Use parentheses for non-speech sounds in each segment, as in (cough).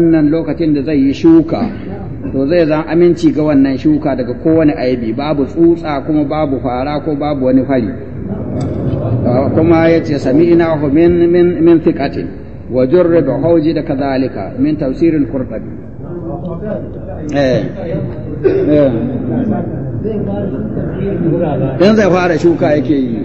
wannan lokacin da zai yi shuka to zai zan aminci ga wannan shuka daga kowane aibi babu tsutsa kuma babu fara ko babu wani fari ah, kuma ya ce sami ina min min min fiƙatin wa da hauji da kazalika min tafsirin kurɗabi eh, eh. in zai fara shuka yake yi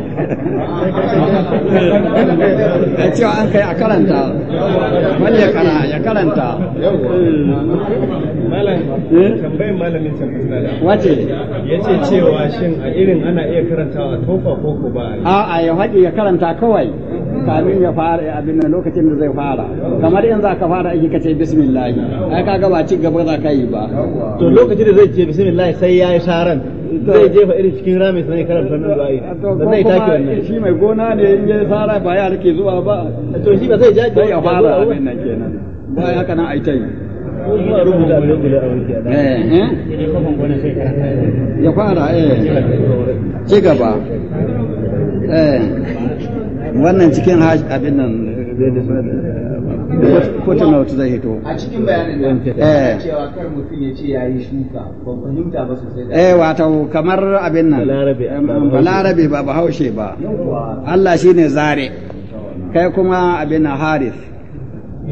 da cewa an kai a karanta wani ya kara karanta ya ce cewa shin a irin ana iya karantawa tofa ko ba a ya haɗi ya karanta kawai kamin ya fara abin nan lokacin da zai fara kamar yanzu aka fara aiki kace bismillah ai kaga ba ci gaba za ka yi ba to lokacin da zai ce bismillah sai ya yi saran zai jefa irin cikin rami sai karanta min du'a'i sannan ya take wannan shi mai gona ne in ya fara ba ya rike zuwa ba to shi ba zai jaje ba ya fara abin nan kenan ba ya haka nan ai tai eh, eh. ya fara eh ci gaba eh wannan cikin abin nan zai na wata zai hito a eh, kamar abin nan balarabe ba mm, bahaushe ba Allah shine zare kai kuma abin harif eh,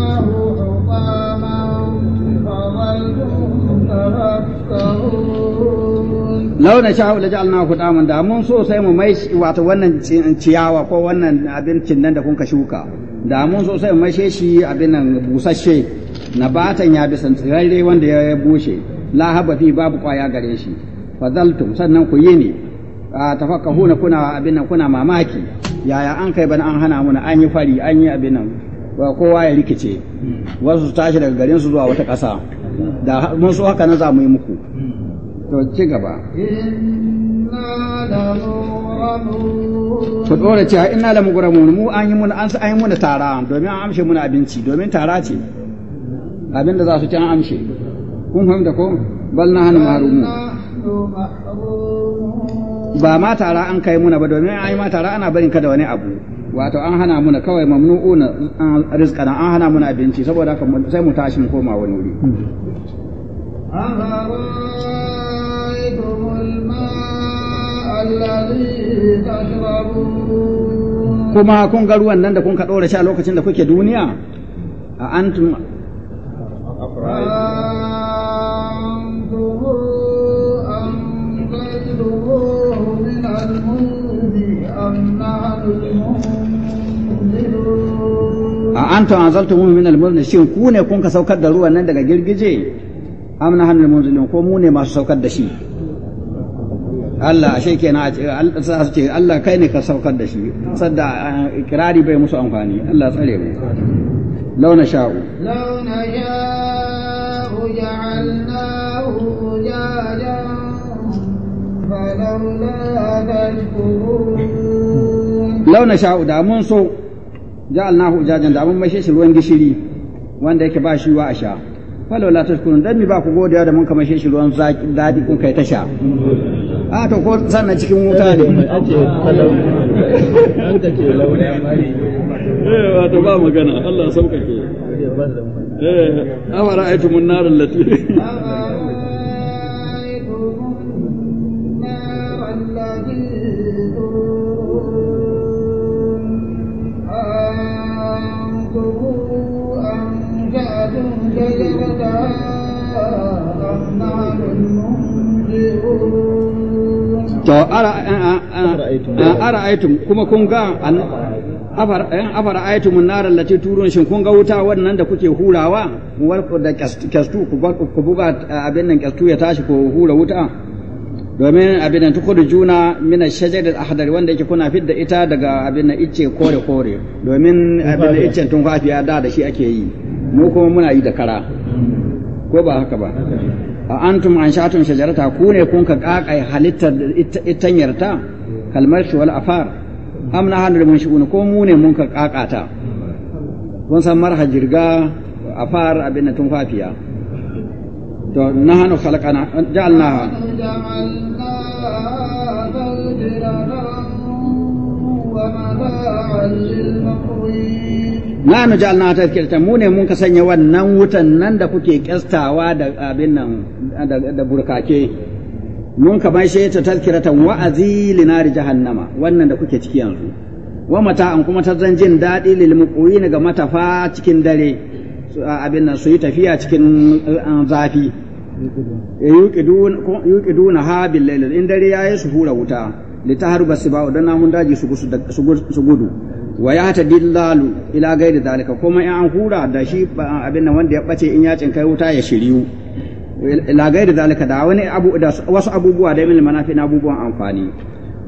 launa sha'u la ja'alna hudaman da mun so sai mu mai wato wannan ciyawa ko wannan abincin nan da kuka shuka da mun so sai mu mai shi abin nan busasshe na batan ya bisan tsirarre wanda ya bushe la haba fi babu kwaya gare shi fazaltum sannan ku yi ne a tafakkahuna kuna abin nan kuna mamaki yaya an kai bana an hana muna an yi fari an yi abin nan kowa ya rikice wasu su tashi daga garin su zuwa wata ƙasa da mun so haka na za mu yi muku to ci gaba ku dole cewa inna la mugramun mu an yi mun an an mun tara domin an amshe mun abinci domin tara ce abin da za su ci an amshe kun fahimta ko bal na hanu marumu ba ma tara an kai muna ba domin an yi ma tara ana barin ka da wani abu wato an hana muna kawai mamnu'una rizqa an hana muna abinci saboda haka sai mu tashi mu koma wani wuri kuma kun ga ruwan nan da kun ka shi a lokacin da kuke duniya a antum a antum a zalta mu min almun shin ku ne kun ka saukar da ruwan nan daga girgije amna hanin munzilin ko mu ne masu saukar da shi Allah ashe kenan a ce Allah ce Allah kai ne ka saukar da shi sadda kirari bai musu amfani Allah tsare mu launa sha'u launa sha'u ja'alnahu falawla tashkurun launa sha'u da mun so ja'alnahu ujajan da mun mai shi ruwan gishiri wanda yake ba shi wa a sha falo ta tashkurun dan mi ba ku godiya da mun kama shi ruwan zaki dadi kun kai tasha a to ko sannan cikin wuta ne eh wato ba magana Allah sauƙaƙe eh amara aitu mun narin lati (laughs) to eh, eh, eh, ara'aitum kuma kun ga afara'aytum an-nar allati turun shin kun ga wuta wannan da kuke hurawa da kastu ku buga abin nan kastu ya tashi ku hura wuta domin abin nan tukudu juna mina shajar da ahadar wanda yake kuna fidda ita daga abin nan ice kore kore domin abin nan icen tun fafiya da da shi ake yi mu kuma muna yi da kara ko ba haka ba antum an sha'atum shajarata ku ne kun ka kakai halittar itanyar ta kalmar shi wal afar am na hanu mun shi'un ko mu ne mun ka kakata kun san marha jirga afar abin da fafiya? to na na, khalaqana ja'alnaha na للمقوين na nu ta kirta mu ne mun ka sanya wannan wutan nan da kuke kyastawa da abin nan da burkake mun ka maishe ta tazkiratan wa'azi linari jahannama wannan da kuke ciki yanzu wa mata an kuma ta zan jin daɗi lil muqwin ga matafa cikin dare abin nan su yi tafiya cikin uh, zafi eh, yuqiduna ha bil layl in dare yayi su hura wuta litahruba basiba dan namun daji su gudu wa ya ta dillalu ila da dalika kuma in an hura da shi abin nan wanda ya bace in ya cinkai wuta ya shiriyu ila gaida dalika da wani abu da wasu abubuwa da mil manafi na abubuwan amfani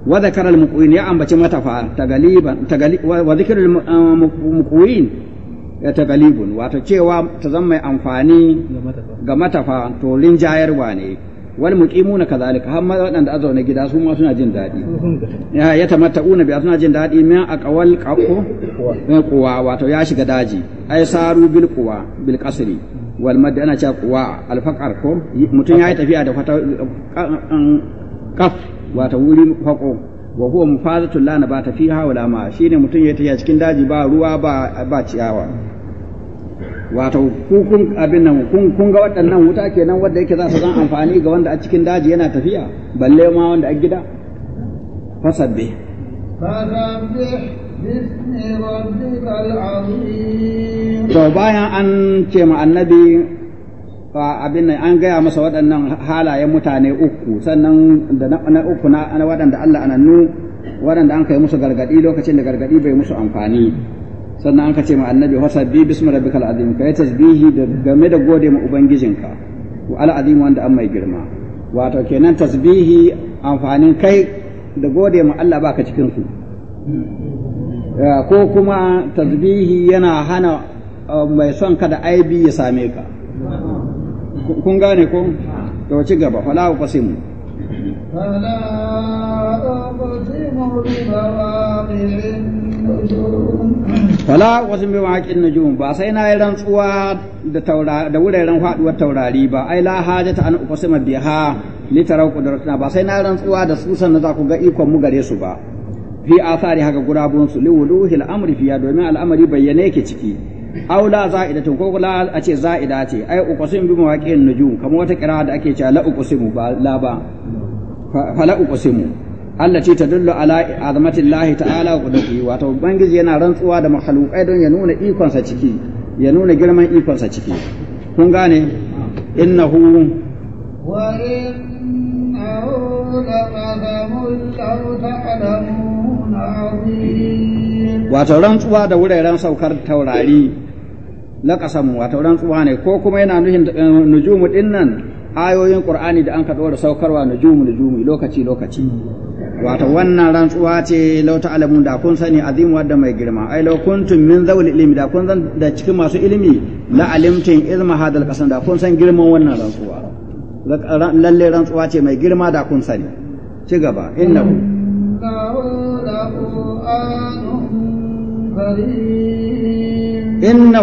wa zakara al muqwin ya ambaci matafa tagaliban tagali wa zikr al eh, muqwin ya tagalibun wato cewa ta zama mai amfani ga matafa to linjayarwa ne wal muqimuna kadhalika har ma wadanda na gida su ma suna jin daɗi ya yatamatta'una bi suna jin daɗi min aqwal qaqo quwa wato ya shiga daji ai saru bil quwa bil qasri wal madda ana cewa quwa al faqar ko mutun yayi tafiya da fata kaf um, wato wuri faqo wa huwa mufazatul la nabata fiha wala ma shine mutun yayi tafiya cikin daji ba ruwa ba ba ciyawa wato kun abin nan kun kun ga waɗannan wuta kenan wanda yake za su zan amfani ga wanda a cikin daji yana tafiya balle ma wanda a gida fasabbi to bayan an ce ma annabi abin nan an gaya masa waɗannan halayen mutane uku sannan da na uku na waɗanda Allah anannu waɗanda an kai musu gargaɗi lokacin da gargaɗi bai musu amfani sannan an ka ce ma annabi wasabbi bismi rabbikal azim kai tasbihi da game da gode ma ubangijinka wa al wanda an mai girma wato kenan tasbihi amfanin kai da gode ma Allah baka cikin su eh, ko kuma tasbihi yana hana eh, mai son kada da aibi ya same ka kun gane ko to ci gaba fala qasimu fala bi wala wasu bi waƙin nujum ba sai na yi rantsuwa da wuraren faɗuwar taurari ba ai la hajata an uqsima biya ha litarar qudratuna ba sai na yi rantsuwa da su sannan za ku ga ikon mu gare su ba fi athari haka gurabun su li wuduhi al-amri fiya domin al'amari bayyane yake ciki aw la za'idatun ko la a ce za'ida ce ai sun bi na nujum kamar wata kira da ake cewa la uqsimu ba la ba fala uqsimu Allah ce ta tadullu ala Allah ta'ala wa kudurki wato ubangiji yana rantsuwa da makhluqai don ya nuna ikonsa ciki ya nuna girman ikonsa ciki kun gane innahu wa wato rantsuwa da wuraren saukar taurari la kasamu wato rantsuwa ne ko kuma yana nuhin eh, nujumu dinnan ayoyin qur'ani da an ka dora saukarwa nujumu nujumu lokaci lokaci wato wannan rantsuwa ce lau alamu da kun sani azim wadda mai girma ai lau tun min zawul ilimi da kun zan da cikin masu ilimi la alimtin ilma hadal kasan da kun san girman wannan rantsuwa lalle rantsuwa ce mai girma da kun sani ci gaba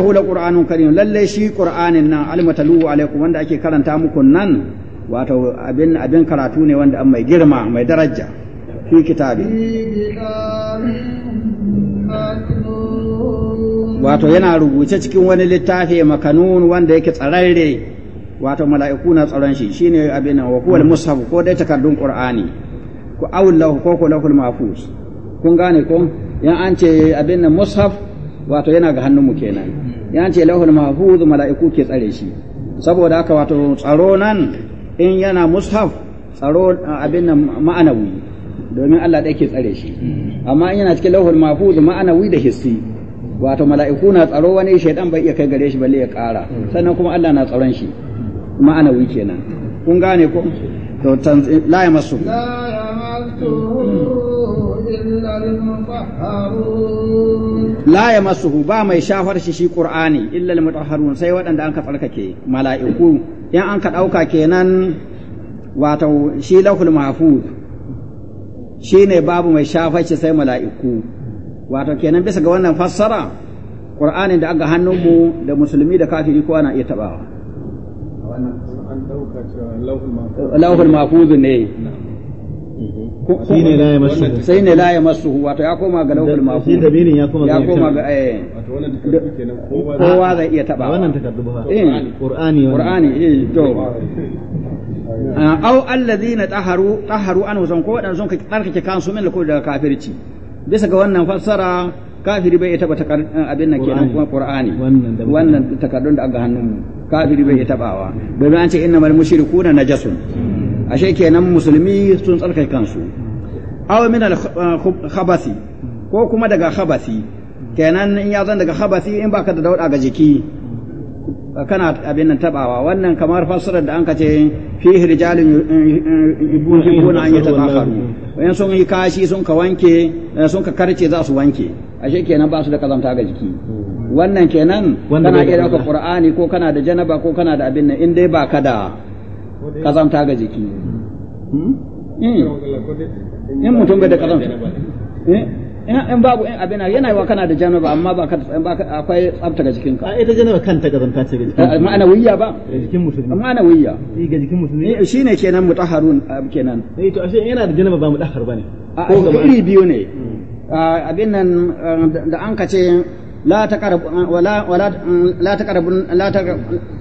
hu la qur'anun karim lalle shi qur'anin nan almatalu alaikum wanda ake karanta muku nan wato abin abin karatu ne wanda an mai girma mai daraja في كتابه wato yana rubuce cikin wani littafi makanun wanda yake tsararre wato mala'iku na tsaron shi shine abin nan wa kuwal mushaf ko dai takardun qur'ani ko awlahu ko ko lahul mafus kun gane ko yan an ce abin nan mushaf wato yana ga hannunmu kenan yan ce lahul mahfuz mala'iku ke tsare shi saboda haka wato tsaro nan in yana mushaf tsaro abin nan ma'anawi domin Allah ɗaya ke tsare shi amma in yana cikin lauhul mahfuz wi da hissi wato mala'iku na tsaro wani shaidan bai iya kai gare shi balle ya ƙara sannan kuma Allah na tsaron shi wi kenan kun gane ko to la ya masu la ya masuhu ba mai shafar shi shi qur'ani illa almutahharun sai waɗanda an ka tsarkake mala'iku in an ka ɗauka kenan wato shi lahul mahfuz Shi ne babu mai shafa sai mala'iku wato kenan bisa ga wannan fassara qur'anin da aka hannunmu da musulmi da kafiri kowa na iya taɓawa. lauhul ne sai ne wato ya koma ga lauhul ya koma ga eh. kowa zai iya wannan takardu ba eh, eh to (laughs) Eh, aw allazina taharu taharu an wasan ko wadannan sun ka kan kansu min ko daga kafirci bisa ga wannan fassara kafiri bai taba eh, abin nan kenan kuma qur'ani wannan takardun da aka hannun mu kafiri bai tabawa domin an ce innamal mushrikuna najasun ashe kenan musulmi sun tsarkake kansu aw min al eh, khabasi ko kuma daga khabasi kenan in ya zan daga khabasi in baka da dauda ga jiki kana abin nan tabawa wannan kamar fassarar da an ka ce fi hirjalin yubbun an yi tabaharu wayan sun yi kashi sun ka wanke eh, sun ka karce za su wanke ashe kenan ba su da kazamta ga jiki wannan kenan kana iya dauka qur'ani ko kana da janaba ko kana da abin nan in dai ba ka da kazamta ga jiki hmm? Hmm? in mutum bai da kazamta in babu in abin yana yi wa kana da janaba amma ba akwai tsabta ga jikinka a ita janaba kanta kazanta ce ga jikin eh, ma'ana wiyya ba ga jikin musulmi eh, ma'ana wiyya Eh ga jikin musulmi eh, shine kenan mutaharun kenan eh to ashe yana da janaba ba mutahhar bane ah, ko gaba iri biyu ne hmm. ah, abin nan da an kace la taqrabu wala wala la taqrabu la taqrabu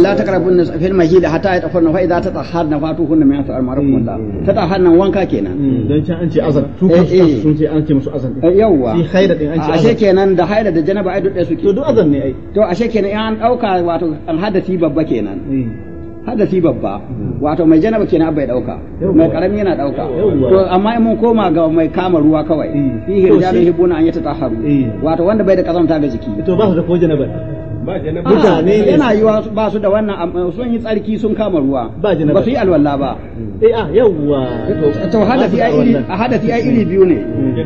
لا تقربن في المجيد حتى يطهرن فاذا تطهرن فاتوهن من اثر معرفكم الله تطهرن وانكا كينا dan can an ce azan su eh, eh. sun ce an ce musu azan yawa shi haida din eh, an ce ah, ashe kenan da haida da janaba ai duk suke to duk azan ne ai to ashe kenan in an dauka wato babba hadasi babba mm. mm. wato mai janaba kenan abai dauka mai karami yana dauka to amma in mun koma ga mai kama ruwa kawai mm. fi rijalun hibuna an yatatahharu wato wanda bai da kazanta ga jiki to ba su da ko janaba yana ba su da wannan sun yi tsarki sun kama ruwa ba su yi alwala ba eh ah yawwa to hadasi ai iri hadasi ai iri biyu ne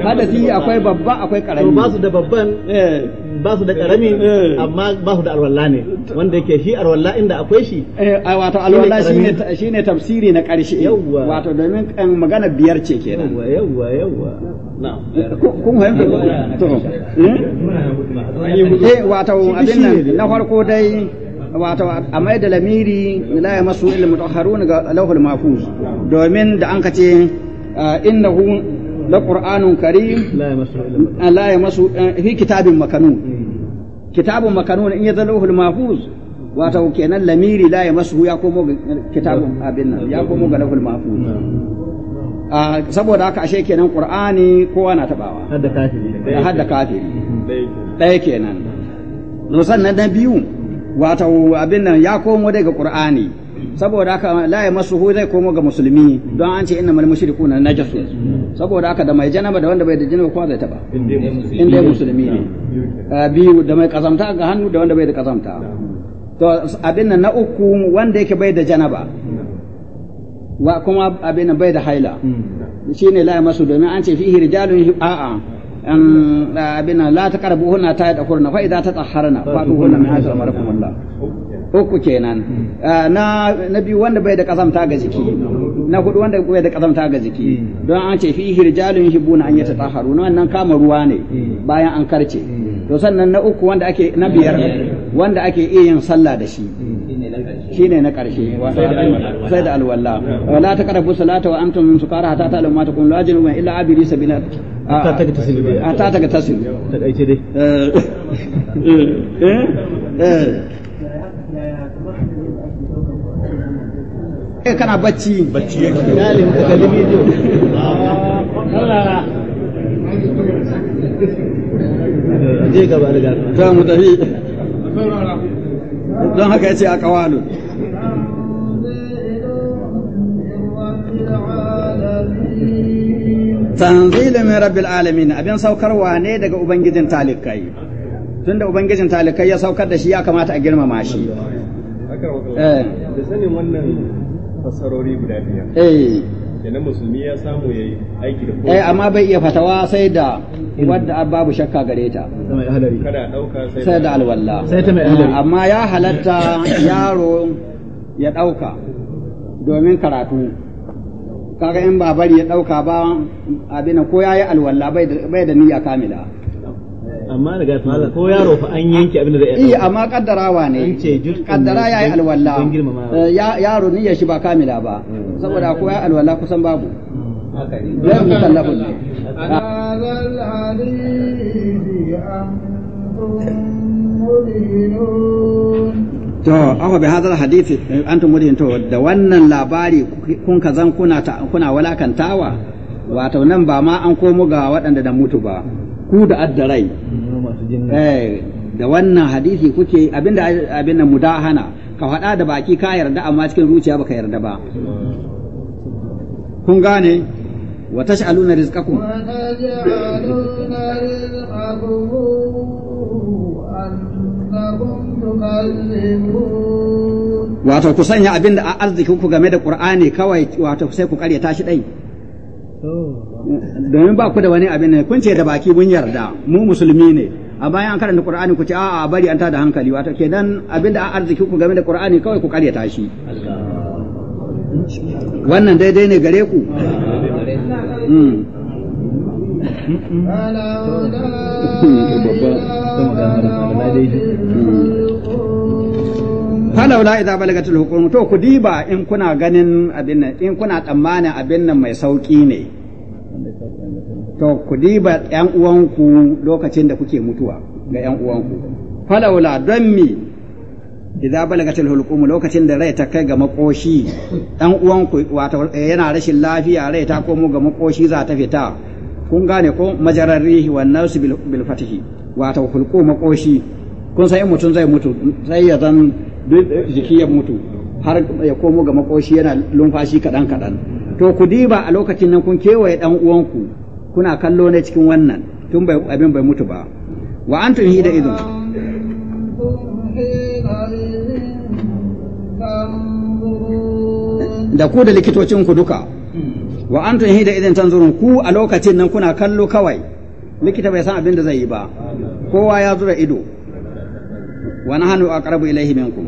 hadasi akwai babba akwai karami ba su da babban eh. ba da karami eh. amma ba da alwala ne wanda yake shi alwala inda akwai shi eh wato alwala shine shine tafsiri na karshe yawwa wato domin magana biyar ce kenan yawwa yawwa yawwa na'am kun fahimta to hmm? eh wato abin nan na farko dai wato a mai da lamiri la ya masu ilmu haruna ga lauhul mahfuz domin da an kace eh, innahu la qur'anun karim la ya masu eh, fi kitabin makanu kitabun makanu in ya lauhul mahfuz wato kenan lamiri la ya masu ya komo ga kitabun abin nan ya komo ga lauhul mahfuz ah, saboda haka ashe kenan qur'ani kowa na tabawa hadda kafiri hadda kafiri ɗaya kenan no sannan na biyu wato abin nan ya komo daga qur'ani saboda haka la ya masuhu zai komo ga musulmi don an ce mushriku na najasu saboda haka da mai janaba da wanda bai da janaba kuma zai taba in dai musulmi ne ah, biyu da mai kazamta ga hannu da wanda bai da kazamta to abin nan na uku wanda yake bai da janaba wa kuma abin nan bai da haila hmm. shine la ya masu domin an ce fihi rijalun a'a an abina la ta karbu hunna ta da kurna fa idza ta tsaharna fa du hunna min hadha marakum marakumullah uku kenan na na biyu wanda bai da kazamta ga jiki na hudu wanda bai da kazamta ga jiki don an ce fi hirjalun yuhibbuna an yata yatatahharu wannan kama ruwa ne bayan an karce to sannan na uku wanda ake na biyar wanda ake iya yin sallah da shi shine na karshe sai da alwala wala taqrabu salata wa antum illa abiri kana bacci bacci Allah je gaba da gaba za mu tafi don haka a tanzilu min rabbil alamin abin saukarwa ne daga ubangijin talikai tunda ubangijin talikai ya saukar da shi ya kamata a girmama shi eh. da sanin wannan fassarori guda biyar eh kenan musulmi ya samu yayi aiki da kowa eh amma bai iya fatawa sai da wadda babu shakka gare ta kada dauka sai da alwala sai ta mai ah, amma ya halatta yaro ya dauka domin karatu kaga in ba bari ya dauka ba abin ko yayi alwala bai da niyya kamila amma daga malam ko yaro fa an yanke abin da zai iya amma kaddarawa ne kaddara yayi alwala eh, yaro niyya shi ba kamila ba hmm. saboda ko yayi alwala kusan babu ya hmm. musallafu ne hadisi to aka bi hadar hadisi antum mudin to da wannan labari kun ka zan kuna kuna walakantawa wato nan ba ma an komo ga waɗanda da mutu ba ku da addarai eh da wannan hadisi kuke abinda abinda mudahana ka faɗa da baki ka yarda amma cikin zuciya baka yarda ba kun gane wa tash'aluna rizqakum wa taj'aluna rizqakum wato ku sanya abin da arziki ku game da qur'ani kawai wato sai ku karya tashi dai domin ba ku da wani abin ne kun ce da baki mun yarda mu musulmi ne a bayan an karanta qur'ani ku ce a'a bari an tada hankali wato kenan abin da arziki ku game da qur'ani kawai ku karya tashi wannan daidai ne gare ku hmm. idan idza balagatul hukum to ku diba in kuna ganin abin nan in kuna tsammanin abin nan mai sauki ne to ku diba yan uwanku lokacin da kuke mutuwa ga yan uwanku laula don mi idza balagatul hukum lokacin da rai ta kai ga makoshi dan uwanku wato eh, yana rashin lafiya rai ta komo ga makoshi za ta fita kun gane ko majarar rihi nasu bil fatihi wato hulqu makoshi kun san in mutum zai mutu sai ya zan jiki ya mutu har ya komo ga makoshi yana lumfashi kaɗan kaɗan to ku diba a lokacin nan kun kewaye ɗan uwanku kuna kallo ne cikin wannan tun bai abin bai mutu ba wa antum hida idun da ku da likitocin ku duka wa an tun hida idan tanzurun ku a lokacin nan kuna kallo kawai likita bai san abin da zai yi ba kowa ya zura ido wa na hannu a minkum ilaihi nahnu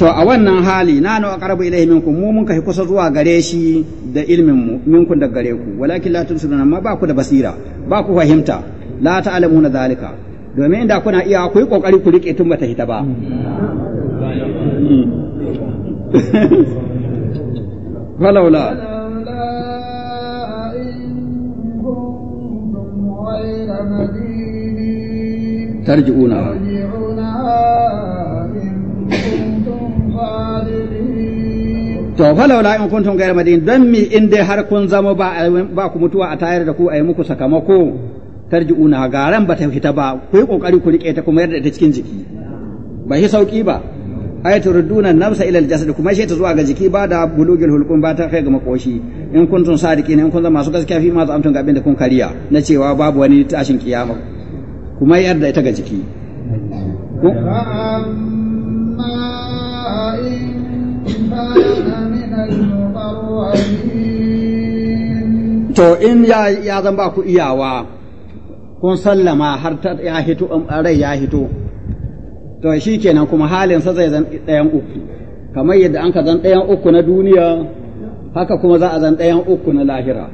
To a wannan hali na nawa karabu ilaihi minkum mu mun kai kusa zuwa gare shi da ilmin mu minkum da gare ku walakin la tusiruna amma ba ku da basira ba ku fahimta la ta'lamuna zalika domin inda kuna iya ku yi kokari ku rike tun bata hita ba mm. (laughs) falaula tarji'una to falaula in kuntum ghayra madin dan mi in har kun zama ba ba ku mutuwa a tayar da ku a yi muku sakamako tarji'una ga ran ba ta fita ba ku yi kokari ku rike ta kuma yarda ta cikin jiki ba shi sauki ba ay turiduna nafsa ila aljasad kuma shi ta zuwa ga jiki ba da bulugil hulqum ba ta kai ga makoshi in kuntum sadiqin in kun zama masu gaskiya fi ma zamtun ga abin da kun kariya na cewa babu wani tashin kiyama kuma yarda ita ga jiki to in ya zan ba ku iyawa kun sallama har ta ya hito um, rai ya hito to shi kenan kuma halinsa zai zan ɗayan uku kamar yadda an ka zan ɗayan uku na duniya haka kuma za a zan ɗayan uku na lahira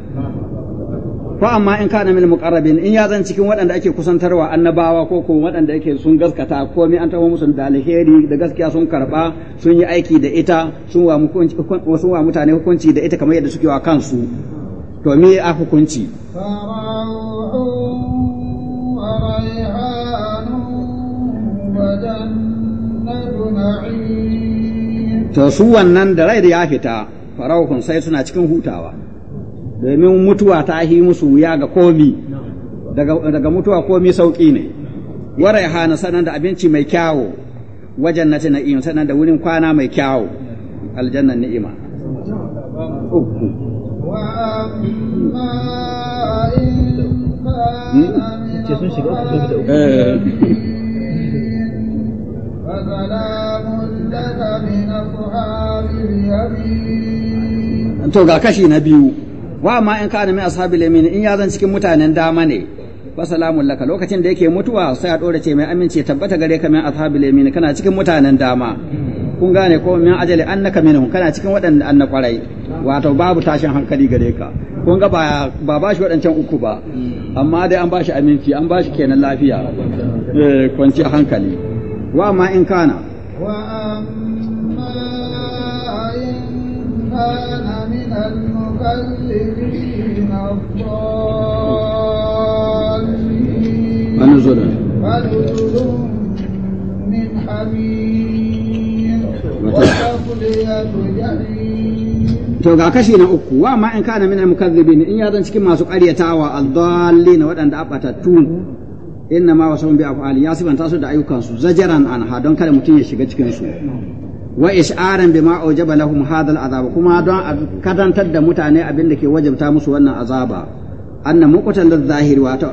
ko amma in kana mil muqarrabin in ya zan cikin waɗanda ake kusantarwa annabawa ko ko waɗanda ake sun gaskata komai an taɓa musu da alheri da gaskiya sun karɓa sun yi aiki da ita sun wa sun wa mutane hukunci da ita kamar yadda suke wa kansu to me a hukunci to su wannan da rai da ya fita farauhun sai suna cikin hutawa domin mutuwa ta yi musu wuya ga komi daga mutuwa komi sauƙi ne warai hana sanan da abinci mai kyawo wajen nace na iya sanan da wurin kwana mai kyawo aljannan ni'ima ce hmm? sun shiga uku sun fita uku eh. (laughs) to ga kashi na biyu wa ma in ka min ashabi yamin in ya zan cikin mutanen dama ne ba salamun laka lokacin da yake mutuwa sai a ɗora ce mai amince tabbata gare ka min ashabi yamin kana cikin mutanen dama kun gane ko min ajali annaka minhum kana cikin waɗanda anna kwarai wato babu tashin hankali gare ka kun ga ba ba shi waɗancan uku ba amma dai an ba shi aminci an ba shi kenan lafiya eh kwanci hankali wa ma in kana wa كان من المكذبين الضالين من حميم to ga kashi na uku wa ma in kana min al-mukaththibin in ya zan cikin masu qaryatawa al-dallin waɗanda abatattu inna ma wasu bi af'ali ya sifanta su da su zajaran anha don kada mutum ya shiga cikin su wa ish'aran bima aujaba lahum hadha al'azab kuma don a kadantar da mutane abin da ke wajabta musu wannan azaba anna muqtal zahiri wato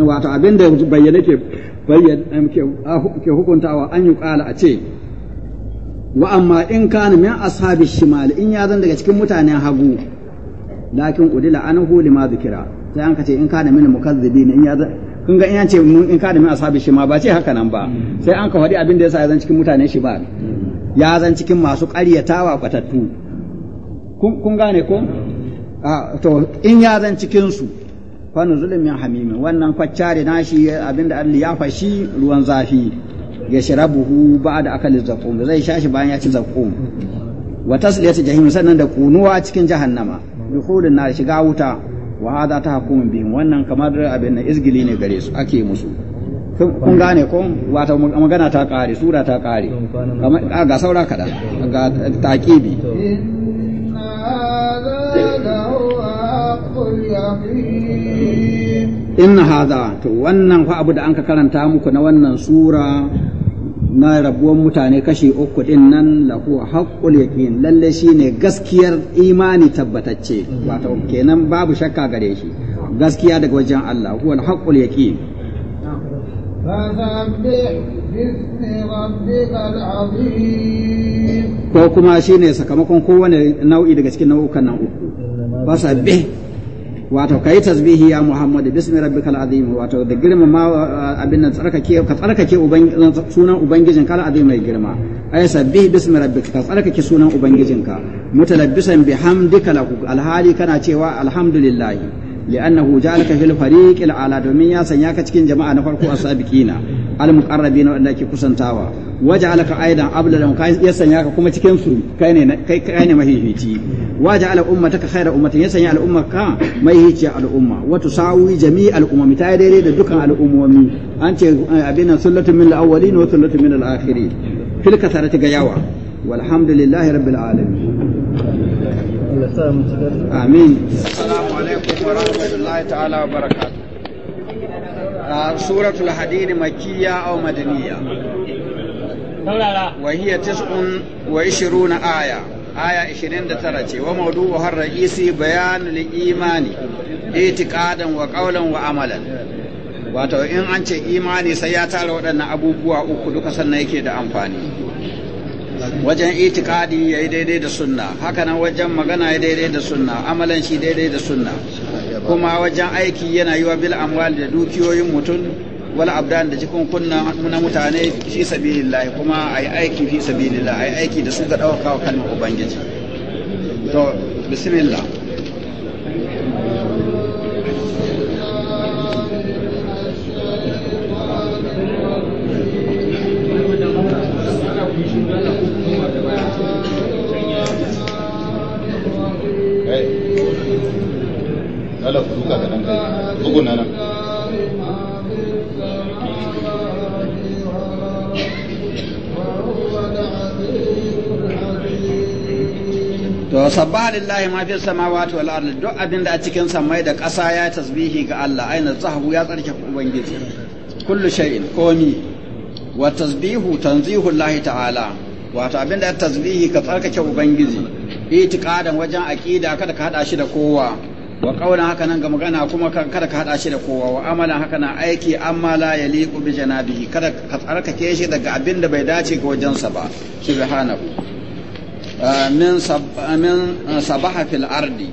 wato abin da bayyana ke bayyana ke hukuntawa an kala a ce wa amma in kana min ashabi shimal in ya zan daga cikin mutanen hagu lakin udila anhu lima zikira sai an kace in kana min mukazzibin in ya zan kun ga in in kana min ashabi shimal ba ce haka nan ba sai an ka faɗi abin da yasa ya zan cikin mutanen shimal ya zan cikin masu ƙaryatawa ƙwatattu kun gane ko to in ya zan cikin su fa zulumin min hamimin wannan na shi abinda Allah ya fashi ruwan zafi ya da ba'da akali zaqum zai sha shi bayan ya ci zaqum wa tasliyatu jahim sannan da kunuwa cikin jahannama dukhulun na shiga wuta wa ta tahkum bihim wannan kamar abin izgili ne gare su ake musu kun gane ko wato magana ta kare sura ta kare ga saura kada ga taqibi inna hadha to wannan fa abu da an ka karanta muku na wannan sura na rabuwan mutane kashi uku din nan lahu haqqul yaqin lalle shine gaskiyar imani tabbatacce wato kenan babu shakka gare shi gaskiya daga wajen Allah huwa haqqul yaqin ko kuma shi ne sakamakon kowane nau'i daga cikin nau'ukan nan uku bi wato kai tasbihi ya muhammadu bismi rabbikal azim wato da girma ma uh, abin nan tsarkake ka tsarkake sunan ubangijin kal azim mai girma ay sabbih bismi rabbika ka tsarkake sunan ubangijinka mutalabbisan bihamdika lahu alhali kana cewa alhamdulillah لأنه جعلك في الفريق الأعلى دومين يا سنياك تكين جماعة نفرق السابقين المقربين أنك كسنتاوا وجعلك أيضا أبلغ يا سنياك كما تكين سرو كاين كاين ما هي وجعل أمتك خير أمة يا سنيا الأمة ما هي الأمة وتساوي جميع الأمم تايري دكان الأمم أنت أبينا سلة من الأولين وسلة من الآخرين في الكثرة جياوا والحمد لله رب العالمين آمين السلام عليكم ورحمة الله تعالى وبركاته سورة الحديد مكية أو مدنية وهي تسع وعشرون آية آية 29 وموضوعها الرئيسي بيان الإيمان اعتقادا وقولا وعملا wato in an ce imani sai ya tara waɗannan abubuwa uku duka sannan yake da amfani wajen itikadi ya yi daidai da sunna Haka hakanan wajen magana ya daidai da sunna amalan shi daidai da sunna kuma wajen aiki yana yi wa bil amwal da dukiyoyin mutum wala abdan da jikin kunna na mutane fi sabilillah kuma ai aiki fi sabilillah ai aiki da su ga dauka kalmar ubangiji to bismillah Sabbarillahi lillahi ma fi samawati wal ardi duk abinda a cikin samai da ƙasa ya tasbihi ga Allah aina zahabu ya tsarki ubangiji kullu shay'in komi wa tasbihu tanzihu Allah ta'ala wato abin da tasbihi ka tsarkake ubangiji itiqadan wajen aqida kada ka hada shi da kowa wa qawlan haka nan ga magana kuma kada ka hada shi da kowa wa amalan haka nan aiki amma la yaliqu bi janabihi kada ka tsarkake shi daga abinda bai dace ga wajensa ba subhana min sabaha fil ardi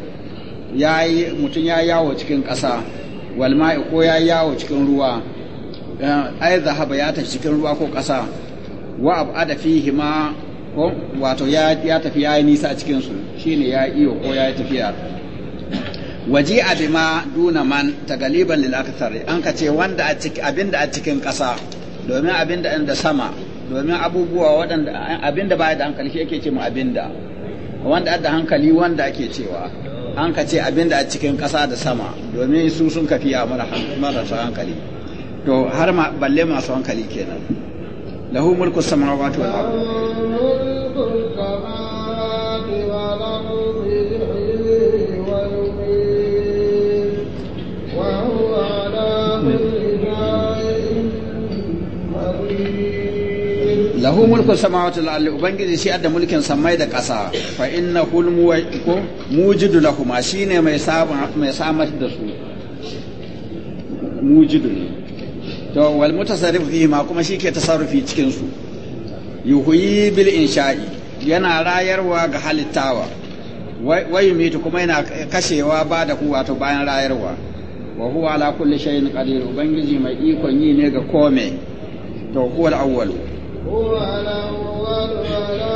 yayi mutun ya yawo cikin ƙasa wal ma'i ko ya yawo cikin ruwa ai zahaba ya tafi cikin ruwa ko ƙasa wa abada fihi ma ko wato ya ya tafi yayi nisa cikin su shine ya iyo ko ya tafiya waji abima duna man tagaliban lil akthari an ka ce wanda a cikin abinda a cikin ƙasa domin abinda inda sama domin abubuwa waɗanda abinda baya da hankali shi yake ce mu abinda wanda da hankali wanda ake cewa an ka ce abinda a cikin ƙasa da sama domin su sun kafiya marasa hankali to har ma balle masu hankali kenan lahu mulku samawati wal ardh lahu mulku samawati wal ardi ubangiji shi adda mulkin samai da ƙasa fa innahu ko mujidu lahuma shine mai sabon mai samar da su mujidu to wal mutasarrif fi ma kuma shi ke tasarrufi cikin su yuhyi bil insha'i yana rayarwa ga halittawa wa yumitu kuma yana kashewa ba da kuwa to bayan rayarwa wa huwa ala kulli shay'in qadir ubangiji mai ikon yi ne ga kome to huwa al-awwal هو الأول والآخر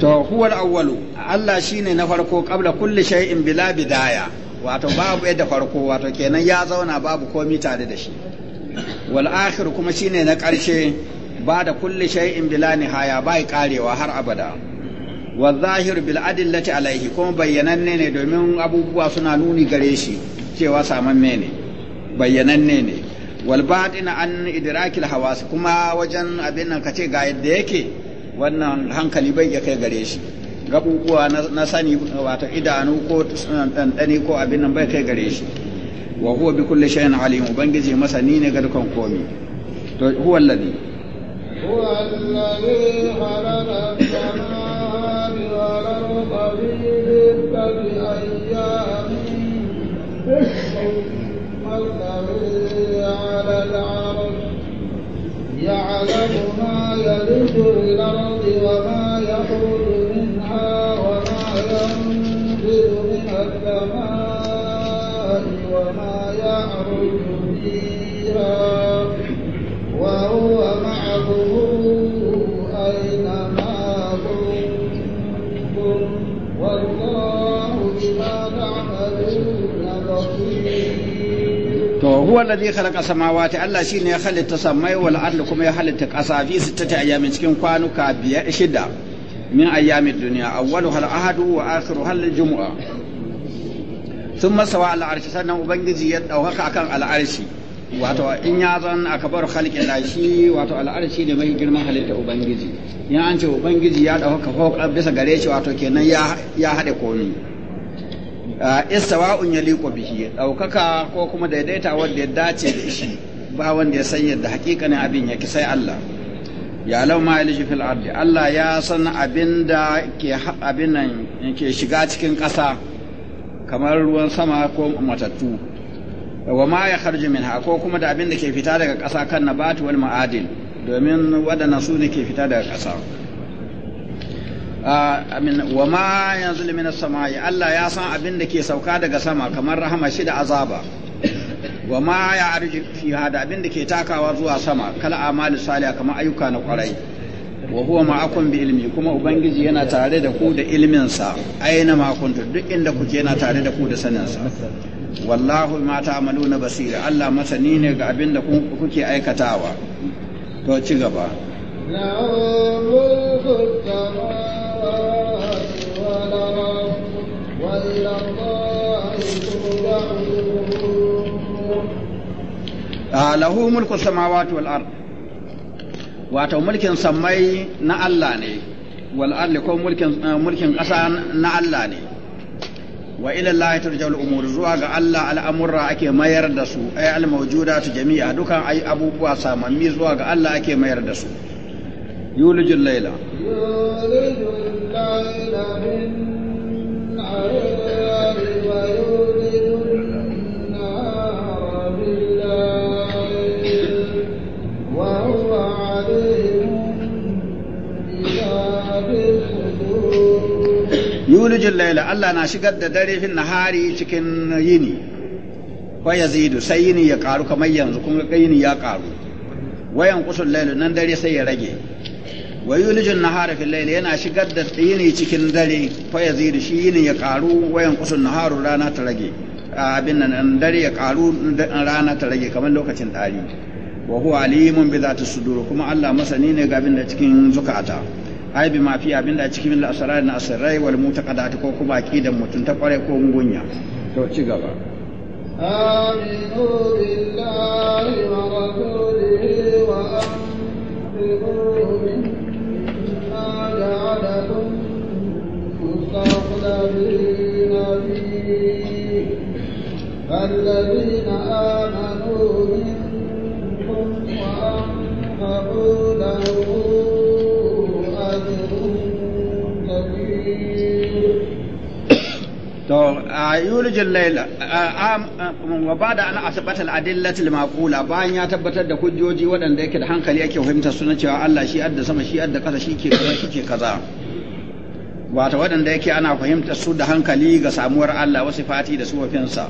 to huwa al-awwal Allah shine na farko qabla kulli shay'in bila bidaya wato babu yadda farko wato kenan ya zauna babu komi tare da shi wal akhir kuma shine na ƙarshe ba da kulli shay'in bila nihaya bai karewa har abada Wazahiru zahir bil adillati alaihi kuma bayyananne ne domin abubuwa suna nuni gare cewa samanne ne bayyananne ne wal an idrakil hawas kuma wajen abin nan kace ga yadda yake wannan hankali bai ya kai gare shi na sani wato idanu ko ɗanɗani ko abin nan bai kai gareshi shi wa huwa bi kulli shay'in alim ubangiji masani ne ga dukan komi to huwa alladhi على القليل فبأيام ثم استوي على العرش يعلم ما يلج في الأرض وما يخرج منها وما ينزل من السماء وما يعرج huwa alladhi khalaqa samawati Allah shine ya halitta samai wal ardh kuma ya halitta ƙasa fi sittati ayyamin cikin kwanuka biyar shida min ayyamid dunya awwaluha al ahadu wa akhiruha al jumu'a thumma sawa al sannan ubangiji akan wato in ya zan akabar khalqin la shi wato al'arci ne mai girman halitta ubangiji in an ce ubangiji ya dauka bisa gare shi wato kenan ya haɗe komi Eh, istawa'un liko bihi daukaka ko kuma daidaita wanda ya dace da shi ba wanda ya san yadda hakikanin abin yake sai Allah ya lau ma yalji fil ardi Allah ya san abin da ke abin nan ke shiga cikin ƙasa kamar ruwan sama ko matattu wa ma ya kharju minha ko kuma da abin da ke fita daga ƙasa kan nabatu wal ma'adil domin wadana su ne ke fita daga ƙasa Ah, wa ma yanzu limin samayi, Allah ya san abin da ke sauka daga sama kamar rahama shi da azaba wa ma ya arji fi hada abin da ke takawa zuwa sama kala amali salih kamar ayyuka na kwarai wa huwa ma'akum bi ilmi kuma ubangiji yana tare da ku da ilmin sa aina ma kuntu duk inda kuke yana tare da ku da sanin sa wallahu ma ta'maluna basira Allah masani ne ga abin da kuke aikatawa to ci gaba Ah, lahu mulku samawati wal ard wato mulkin sammai na Allah ne wal ard ko mulkin ah, mulkin ƙasa na Allah ne wa ila Allah tarja'ul umur zuwa ga Allah al'amura ake mayar da su ay al mawjudatu jami'a dukan ay abubuwa samammi zuwa ga Allah ake mayar da su yulijul layla layla min yulijin laila Allah na shigar da dare fin nahari cikin yini wa yazidu sai yini ya karu kamar yanzu kun ga yini ya karu wayan kusul laila nan dare sai ya rage wa yulijin nahari fil laila yana shigar da yini cikin dare fa yazidu shi yini ya karu wayan kusul naharu rana ta rage abin nan dare ya karu rana ta rage kamar lokacin dari wa huwa alimun bi zati sudur kuma Allah masani ne ga abin da cikin zukata ai bi ma fi abinda a cikin al-asrar na asrai wal mutaqadat ko kuma da mutun ta kware ko mugunya to ci gaba aminu billahi wa rasulihi wa na آمنوا منكم وأنفقوا لهم to yulijin laila a ba da ana asibata al'adillatil makula bayan ya tabbatar da hujjoji waɗanda yake da hankali yake fahimta suna cewa Allah shi adda sama shi adda kasa shi ke kaza shi ke kaza wata waɗanda yake ana fahimta su da hankali ga samuwar Allah wasu fati da suwafinsa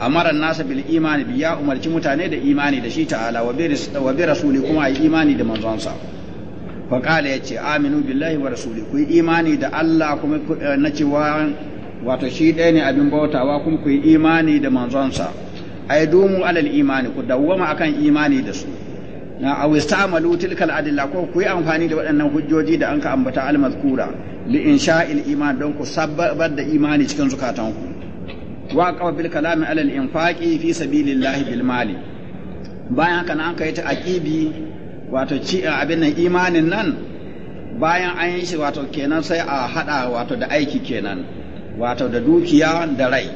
amaran nasa bil imani biya ya umarci mutane da imani da shi ta'ala wa bi rasuli kuma yi imani da manzonsa fa kala yace aminu billahi wa rasuli ku imani da Allah kuma eh, na cewa wato shi ɗaya ne abin bautawa kuma ku yi imani da manzonsa ai dumu alal imani ku dawwama akan imani da su na aw istamalu tilka adilla ko ku yi amfani da waɗannan hujjoji da anka ambata al mazkura li insha'il iman don ku sabbar da imani cikin zukatanku wa qawa bil kalami alal infaqi fi sabilillahi bil mali bayan haka nan ka yi ta aqibi wato ci abin nan imanin nan bayan an yi shi wato kenan sai a haɗa wato da aiki kenan wato da dukiya da rai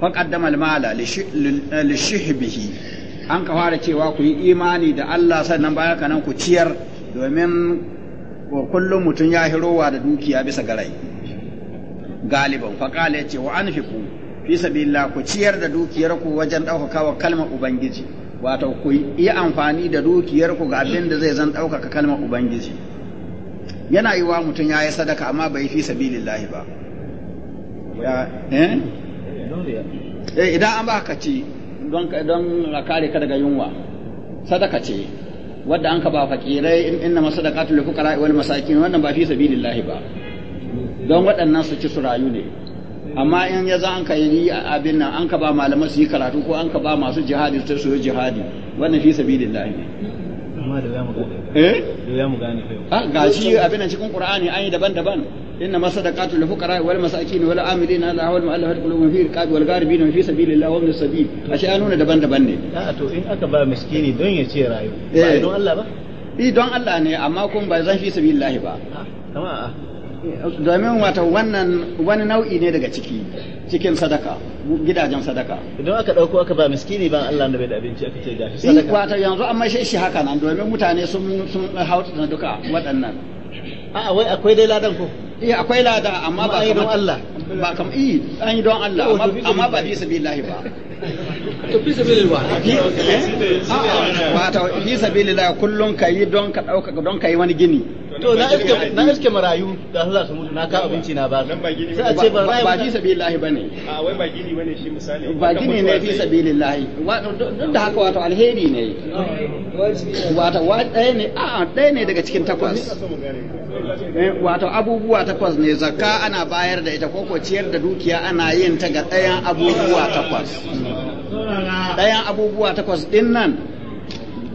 fa qaddama al-mala li shihbihi an ka fara cewa ku yi imani da Allah sannan baya kanan ku ciyar domin kullum mutum ya hirowa da dukiya bisa ga rai galiban fa qala ce wa anfiqu fi sabilillah ku ciyar da dukiyar ku wajen ɗaukakawa kalmar ubangiji wato ku yi amfani da dukiyar ku ga abin da zai zan ɗaukaka kalmar ubangiji yana yiwa mutum ya yi sadaka amma bai fi sabilillahi ba Eh? Eh, idan an ba ka ci don a kare ka daga yunwa sadaka ce wadda an ka ba fakirai inna masadaqatu lil fuqara wal masakin wannan ba fi sabilillahi ba don waɗannan su ci su rayu ne amma in ya za an ka yi abin nan an ka ba malamai su yi karatu ko an ka ba masu jihadi su su yi jihadi wannan fi sabilillahi ne amma da ya mu gane eh da ya mu gane fa ah, ga shi abin nan cikin qur'ani an yi daban-daban إنما صدقات الفقراء والمساكين والعاملين على والمؤلفة قلوبهم في الرقاب والغاربين في سبيل الله ومن السبيل أشياء نون دبن دبن ne a to in aka ba miskini don ya ce rayu ba don Allah ba eh don Allah ne amma kun ba zan fi sabilillahi ba domin wata wannan wani nau'i ne daga ciki cikin sadaka gidajen sadaka idan aka dauko aka ba miskini ban Allah da bai da abinci aka ce shi sadaka wata yanzu amma shi shi haka nan domin mutane sun sun na duka waɗannan a'a wai akwai dai ladan ko eh akwai lada amma ba kamar Allah ba kam eh an yi don Allah amma ba fi sabilillahi ba to fi sabilillahi eh? wato fi kullum ka yi don ka dauka don ka yi wani gini to na iske na iske marayu da za su mutu na ka abinci na ba su sai a ce ba ba fi sabilillahi bane a wai ba gini bane shi misali ba gini ne fi sabilillahi duk da haka wato alheri ne wato ɗaya ne a ɗaya ne daga cikin takwas eh, wato abubuwa takwas ne zakka ana bayar da ita ko ciyar da dukiya ana yin ta ga ɗayan abubuwa takwas ɗayan abubuwa takwas ɗin nan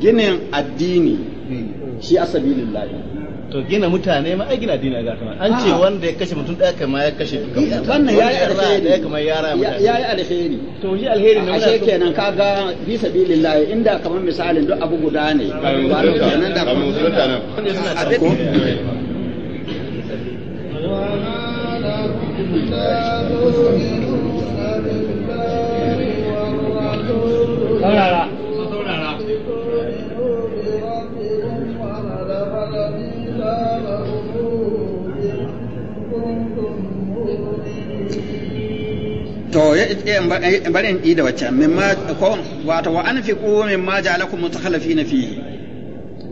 ginin addini shi asabilin lafiya to gina mutane ma ai gina dina ga kamar an ce wanda ya kashe mutum daya kamar ya kashe duka wannan yayi alheri daya kamar ya raya mutane yayi alheri to shi alheri ne ashe kenan kaga bi sabilillah inda kamar misalin duk abu guda ne ba kenan da Saurara. to ya ce barin yi da wacce mimma ko wato wa anfiqu mimma ja'alakum mutakhalifina fihi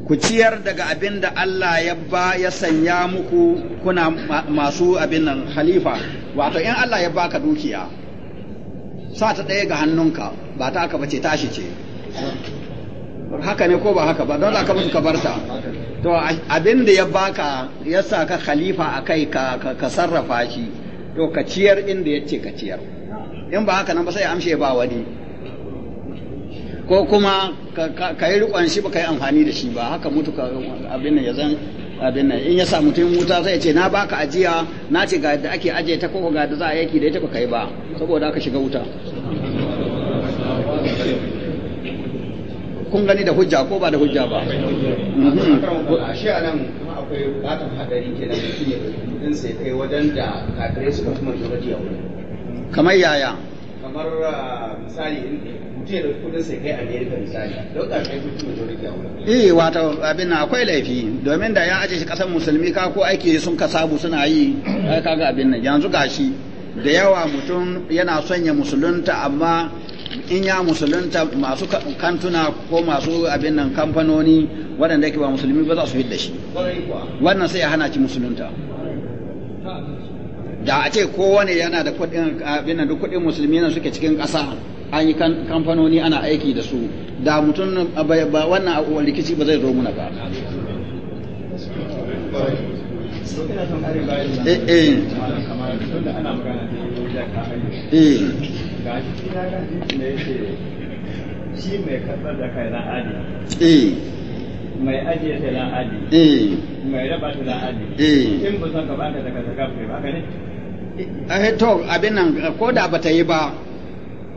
ku ciyar daga abin da Allah ya ba ya sanya muku kuna masu abin nan khalifa wato in Allah ya baka dukiya sa ta daya ga hannunka ba ta aka bace tashi ce haka ne ko ba haka ba don aka mutu ka barta to abin da ya baka ya sa ka khalifa a kai ka sarrafa shi to ka ciyar inda ya ce ka ciyar in ba haka nan ba sai amshe ba wani ko kuma ka yi rikon shi ba ka yi amfani da shi ba haka mutu ka abin nan ya zan abin nan in ya sa mutum wuta sai ya ce na baka ajiya na ce ga da ake ajiye ta ko ga da za a yaki da ita ba kai ba saboda aka shiga wuta kun gani da hujja ko ba da hujja ba shi a nan kuma akwai bukatun hadari kenan mutum ya kai wajen da kafirai suka fi majority a wurin kamar yaya kamar ah, misali mutum ya kudin sai kai misali don karfe mutum da rike wurin eh wato abin akwai laifi domin da ya aje shi kasan musulmi ka ko aiki sun ka sabu suna yi kaga abin nan yanzu gashi da yawa mutum yana son ya musulunta amma in ya musulunta masu kantuna ko masu abin nan kamfanoni waɗanda ke ba musulmi ba za su da shi wannan sai ya hana ki musulunta da a ce kowane yana da kuɗin abin duk kuɗin musulmi nan suke cikin ƙasa an yi kamfanoni ana aiki da su da mutum ba wannan rikici ba zai zo muna ba shi mai kasar da kai ra'adi mai ajiye ta ra'adi eh. mai raba ta ra'adi eh. in ba son ka baka daga ka zaka ba ka ne eh to abin nan ko da ba ta yi ba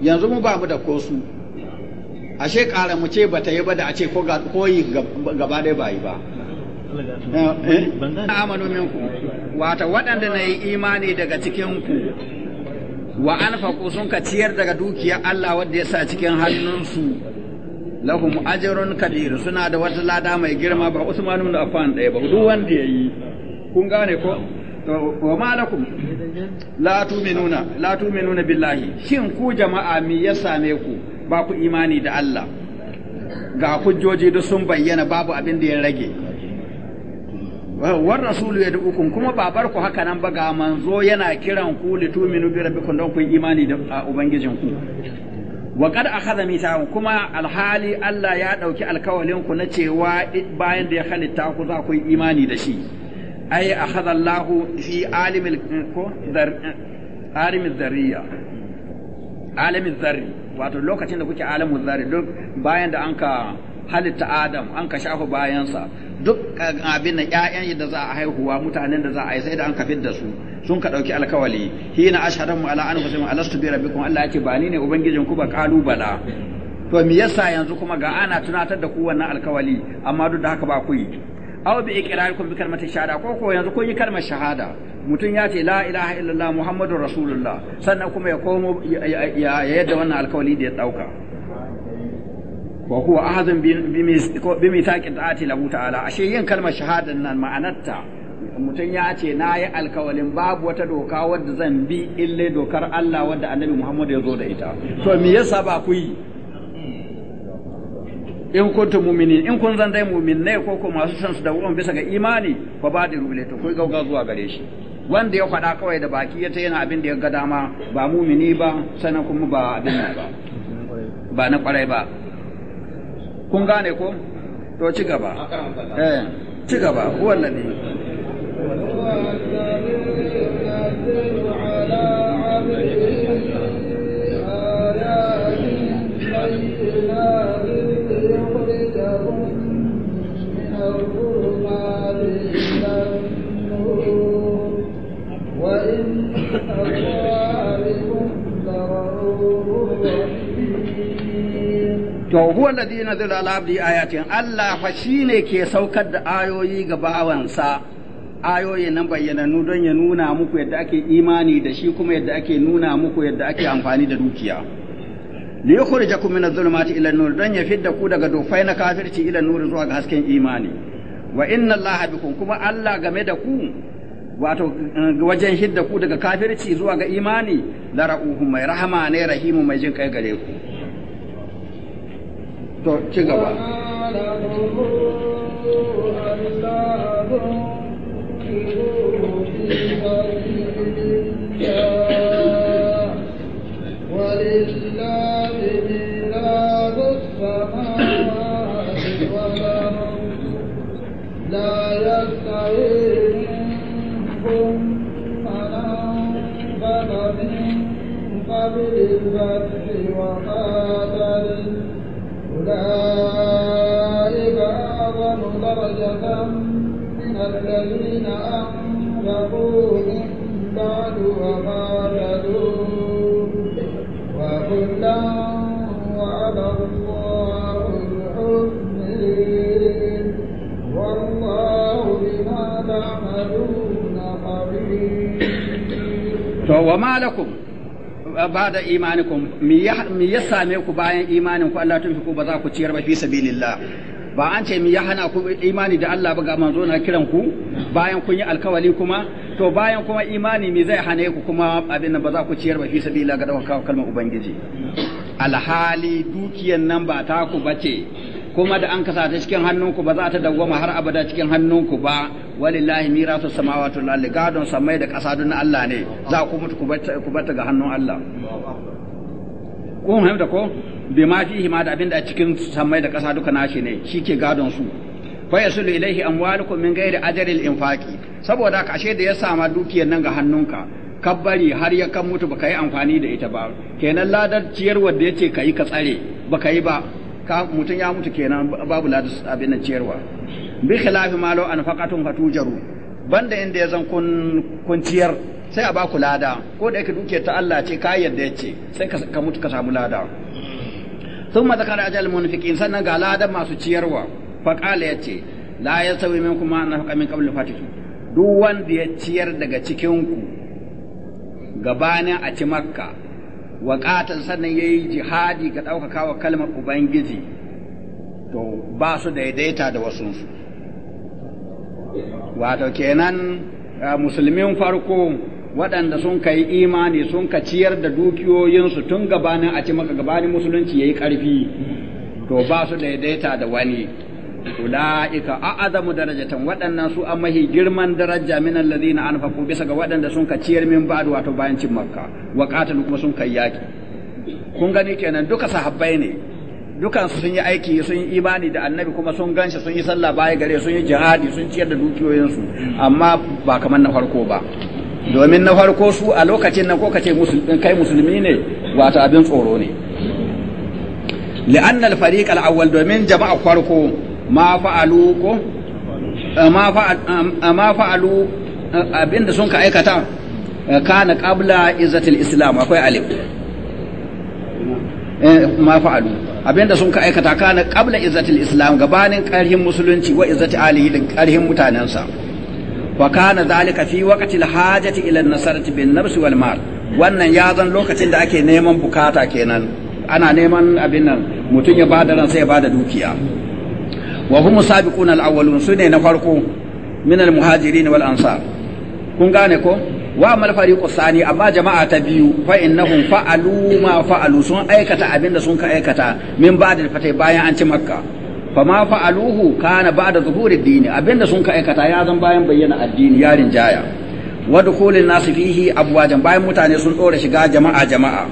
yanzu mu ba mu da kosu ashe ƙara mu ce ba ta yi ba da a ce ko koyi gaba ɗaya ba yi ba eh, eh? amanu minku wata waɗanda na yi imani daga cikin ku wa anfaqu sun ka ciyar daga dukiyar Allah wadda ya sa cikin hannunsu lahum ajrun kabir suna da wata lada mai girma ba usmanu da afan ɗaya ba duk wanda yayi kun gane ko wa malakum la tu'minuna la tu'minuna billahi shin ku jama'a mi ya same ku ba ku imani da Allah ga hujjoji duk sun bayyana babu abin da ya rage war rasulu ya dukun kuma babar ku haka nan ba ga manzo yana kiran ku lituminu bi rabbikum don ku imani da ubangijin ku wa kad akhadha mithaqan kuma alhali Allah ya dauki alkawalin ku na cewa bayan da ya halitta ku za ku imani da shi ai akhadha Allah fi alim ko dar alim wato lokacin da kuke alim zarri duk bayan da an ka halitta Adam an ka shafa bayansa duk abin da ƴaƴan da za a haihuwa mutanen da za a yi sai da an ka da su sun ka ɗauki alkawali hina ashhadu ala anfusihim alastu bi rabbikum Allah yake ba ni ne ubangijin ku ba kalu bala to me yasa yanzu kuma ga ana tunatar da ku wannan alkawali amma duk da haka ba ku yi aw bi iqrarikum bi kalmati shahada ko ko yanzu kun yi kalmar shahada mutum ya ce la ilaha illallah muhammadur rasulullah sannan kuma ya komo ya yadda wannan alkawali da ya dauka wa huwa ahadun bi mithaqi ta'ati lahu ta'ala ashe yin kalmar shahadan nan ma'anarta mutum ya ce na yi alkawalin babu wata doka wadda zan bi illai dokar Allah wadda annabi Muhammad ya zo da ita to me yasa ba ku yi in kuntum mu'minin in kun zan dai mu'minai ko ko masu san su da wurin bisa ga imani fa badiru ilayhi to kai gauga zuwa gare shi wanda ya faɗa kawai da baki ya ta yana abin da ya ga dama ba mumini ba sannan kuma ba abin nan ba ba na kwarai ba kun gane ko to ci gaba eh ci gaba wannan ne على عبده to huwa alladhi yunzilu ala abdi ayatin Allah fa shine ke saukar da ayoyi ga bawansa ayoyi nan bayyananu don ya nuna muku yadda ake imani da shi kuma yadda ake nuna muku yadda ake amfani da dukiya li yukhrijakum min adh-dhulumati ila an-nur don ya fidda ku daga dofai na kafirci ila nuri zuwa ga hasken imani wa inna Allaha bikum kuma Allah game da ku wato eh, wajen hidda ku daga kafirci zuwa ga imani la ra'uhum mai rahama ne rahimu mai jin kai gare ku to ci gaba فالذين أنفقوا من بعد وقاتلوا وكلا وعد الله الحسنين والله بما تعملون خبير وما لكم بعد ايمانكم مي يسامعكم بعد ايمانكم الله تنفقوا بذاك في سبيل الله ba an ce mi ya hana ku imani da Allah ba ga manzo na kiran ku bayan kun yi alkawali kuma to bayan kuma imani mi zai hane ku kuma abin nan ba za ku ciyar ba fi sabila ga dawaka kalmar ubangiji alhali dukiyan nan ba ta ku bace kuma da an kasa ta cikin hannunku ba za ta dawwama har abada cikin hannunku ba walillahi mirasu samawati wal ardi gadon samai da kasa dun Allah ne za ku mutu ku bata ga hannun Allah kun da ko bi ma fihi ma da abinda a cikin samai da ƙasa duka nashi ne shi ke gadon su fa yasulu ilaihi amwalukum min ghairi ajril infaqi saboda ka ashe da ya sama dukiyar nan ga hannunka kabbari har ya kan mutu baka yi amfani da ita ba kenan ladar ciyarwar da yace kai ka tsare baka yi ba ka mutum ya mutu kenan babu ladar abin ciyarwa bi khilafi ma law anfaqatun fatujaru banda inda ya zan kun kun ciyar sai a baku lada ko da yake duke ta Allah ce ka yarda yace sai ka mutu ka samu lada sun ma zakara ajal munafiqin sannan ga ladan masu ciyarwa fa qala ya ce la yasawi minkum ma anfaqa min qabl fatihi duk wanda ya ciyar daga cikin ku gabanin a ci makka wa sannan yayi jihadi ga daukaka wa kalmar ubangiji to ba su daidaita da su wato kenan musulmin farko waɗanda sun kai imani sun ka ciyar da dukiyoyinsu tun gabanin a ci maka gabanin musulunci ya yi ƙarfi to ba su daidaita da wani ulaika a'azamu darajatan waɗannan su an mahi girman daraja min an anfaqu bisa ga waɗanda sun ka ciyar min da wato bayan cin makka wa qatalu kuma sun kai yaƙi. kun gani kenan duka sahabbai ne dukansu sun yi aiki sun yi imani da annabi kuma sun ganshi sun yi sallah baya gare sun yi jihadi sun ciyar da dukiyoyinsu amma ba kamar na farko ba domin na farko su a lokacin nan ko kace kai musulmi ne wato abin tsoro ne li'anna al-fariq al-awwal domin jama'a farko ma fa'alu ko eh, eh, ma fa'alu eh, abinda sun ka aikata kana qabla izatil islam akwai alif ma fa'alu abinda sun ka aikata kana qabla izatil islam gabanin karhin musulunci wa izati alihi din karhin mutanansa wa kana zalika hajati ila an bin nafs wal wannan ya lokacin da ake neman bukata kenan ana neman abin mutum ya bada ran ya bada dukiya wa hum sabiquna sune na farko min muhajirin wal kun gane ko wa mal fariqu jama'a ta biyu fa'alu sun aikata aikata fatai bayan an ci makka fa ma fa'aluhu ba da zuhuri dini abinda sun ka aikata ya zan bayan bayyana addini ya rinjaya wa dukhulin nas fihi bayan mutane sun dora shiga jama'a jama'a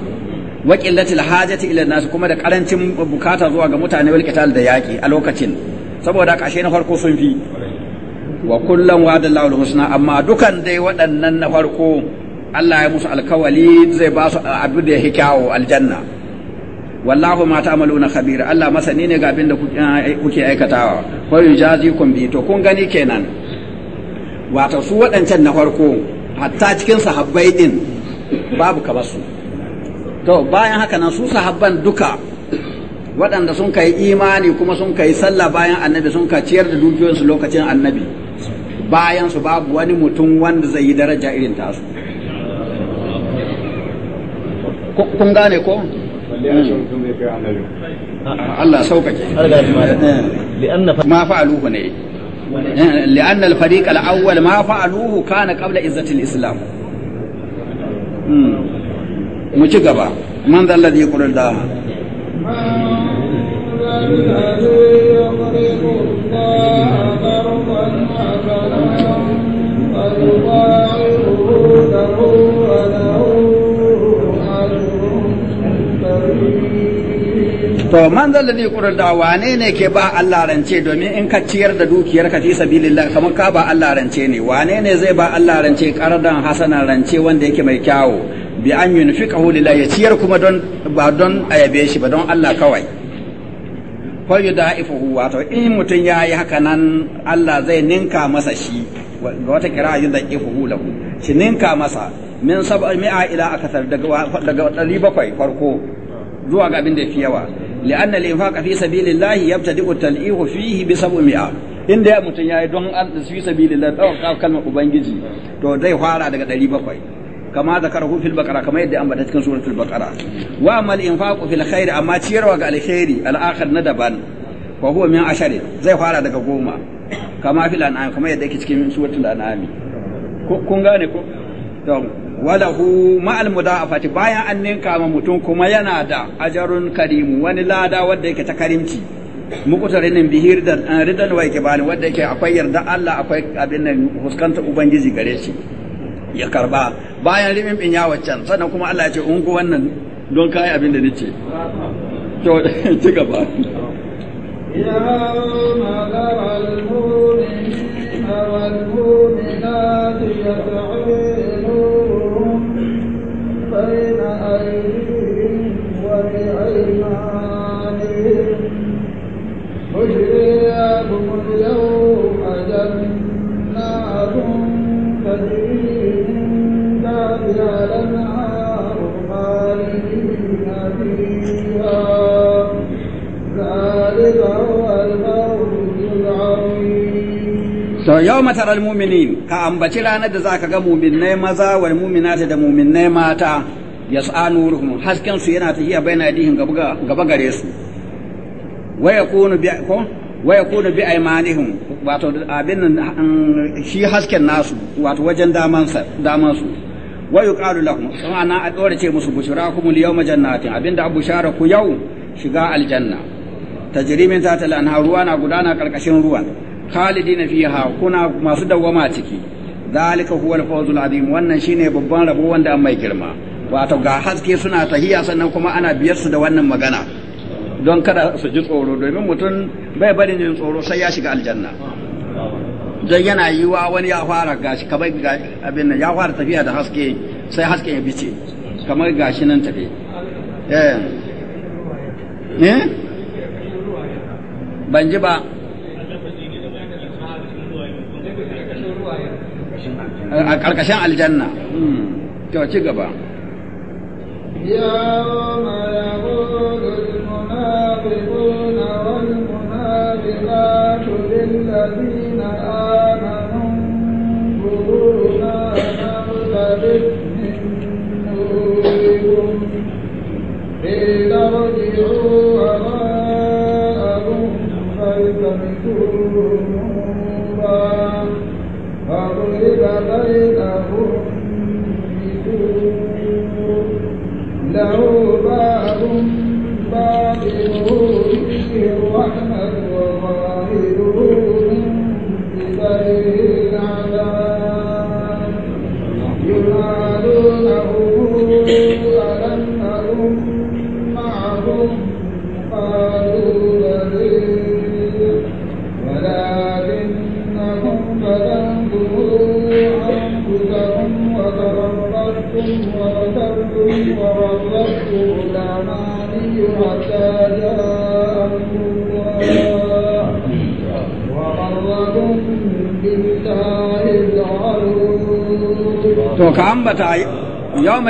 wa qillatil hajati ila nas kuma da karancin bukata zuwa ga mutane wal qital da yaki a lokacin saboda kashe na farko sun fi wa kullan wa'adallahu al-husna amma dukan dai waɗannan na farko Allah ya musu alkawali zai ba su abin da ya hikawo aljanna wallahu ma ta'maluna khabira Allah masani ne ga abin da kuke eh, aikatawa ko yujazikum bi to kun gani kenan wato su waɗancan na farko hatta cikin sahabbai din babu ka su to bayan haka nan su sahabban duka waɗanda sun kai imani kuma sun kai sallah bayan annabi sun ka ciyar da dukiyoyinsu lokacin annabi bayan su babu wani mutum wanda zai yi daraja irin tasu kun gane ko Allah sauƙaƙe eh. ma fa'aluhu ne eh, li'anna al-fariq al-awwal ma fa'aluhu kana qabla izzati al-islam hmm. mu ci gaba man da alladhi to man zalla ne kurar da wane ne ke ba Allah rance domin in ka ciyar da dukiyar ka fi sabilillah kamar ka ba Allah rance ne wane ne zai ba Allah rance karadan hasana rance wanda yake mai kyawo bi an yunfiqahu lillah ya ciyar kuma don ba don ayabe shi ba don Allah kawai fa huwa to in mutun yayi haka nan Allah zai ninka masa shi ga wata kira yudaifuhu lahu shi ninka masa min sab'a mi'a ila akthar daga daga 700 farko zuwa ga abin da yafi yawa لأن الإنفاق في سبيل الله يبتدئ التلئيح فيه بسبعمائة in da mutum ya yi don an a sabilillah tsawon kawo kalmar ubangiji to zai fara daga ɗari bakwai kama da karahu fil baqara kama yadda ambata cikin suratul baqara wa amal infaqu fil khair amma ciyarwa ga alkhairi al akhir na daban fa huwa min ashari zai fara daga goma kama fil an'am kama yadda walahu ma'al mudafati bayan an ninka ma mutum kuma yana da ajarun karimu wani lada wanda yake ta karimci muqtarinin bihir da eh, ridan wa ikbal wanda yake akwai yarda Allah akwai abin nan huskanta ubangiji gare shi ya karba bayan rimin bin ya waccan sannan kuma Allah ya ce ungu wannan don kai abin da nace to (laughs) ci gaba يوم ترى المؤمن والمؤمنات يسعون to yau matar almuminin ka ambaci ranar da za ka ga muminai maza wa muminata da muminai mata ya ruhum hasken su yana tafiya baina yadihin dihin gaba gare su waya yakunu bi ko wa wato abin shi hasken nasu wato wajen daman sa daman su sun yuqalu lahum ana a dore ce musu bushrakum al yawma abin da abu shara ku yau shiga aljanna ta tala na ruwa na gudana karkashin ruwan khalidina fiha kuna masu dawwama ciki dalika huwa al-fawzul azim wannan shine babban rabo wanda an mai girma wato ga haske suna tahiya sannan kuma ana biyar su da wannan magana don kada su ji tsoro domin mutum bai bari jin tsoro sai ya shiga aljanna don yana yi wa wani ya fara gashi kamar abin nan ya fara tafiya da haske sai haske ya bice kamar gashi nan tafi eh. eh ban ji ba a ƙarƙashin aljanna hmm. to ci gaba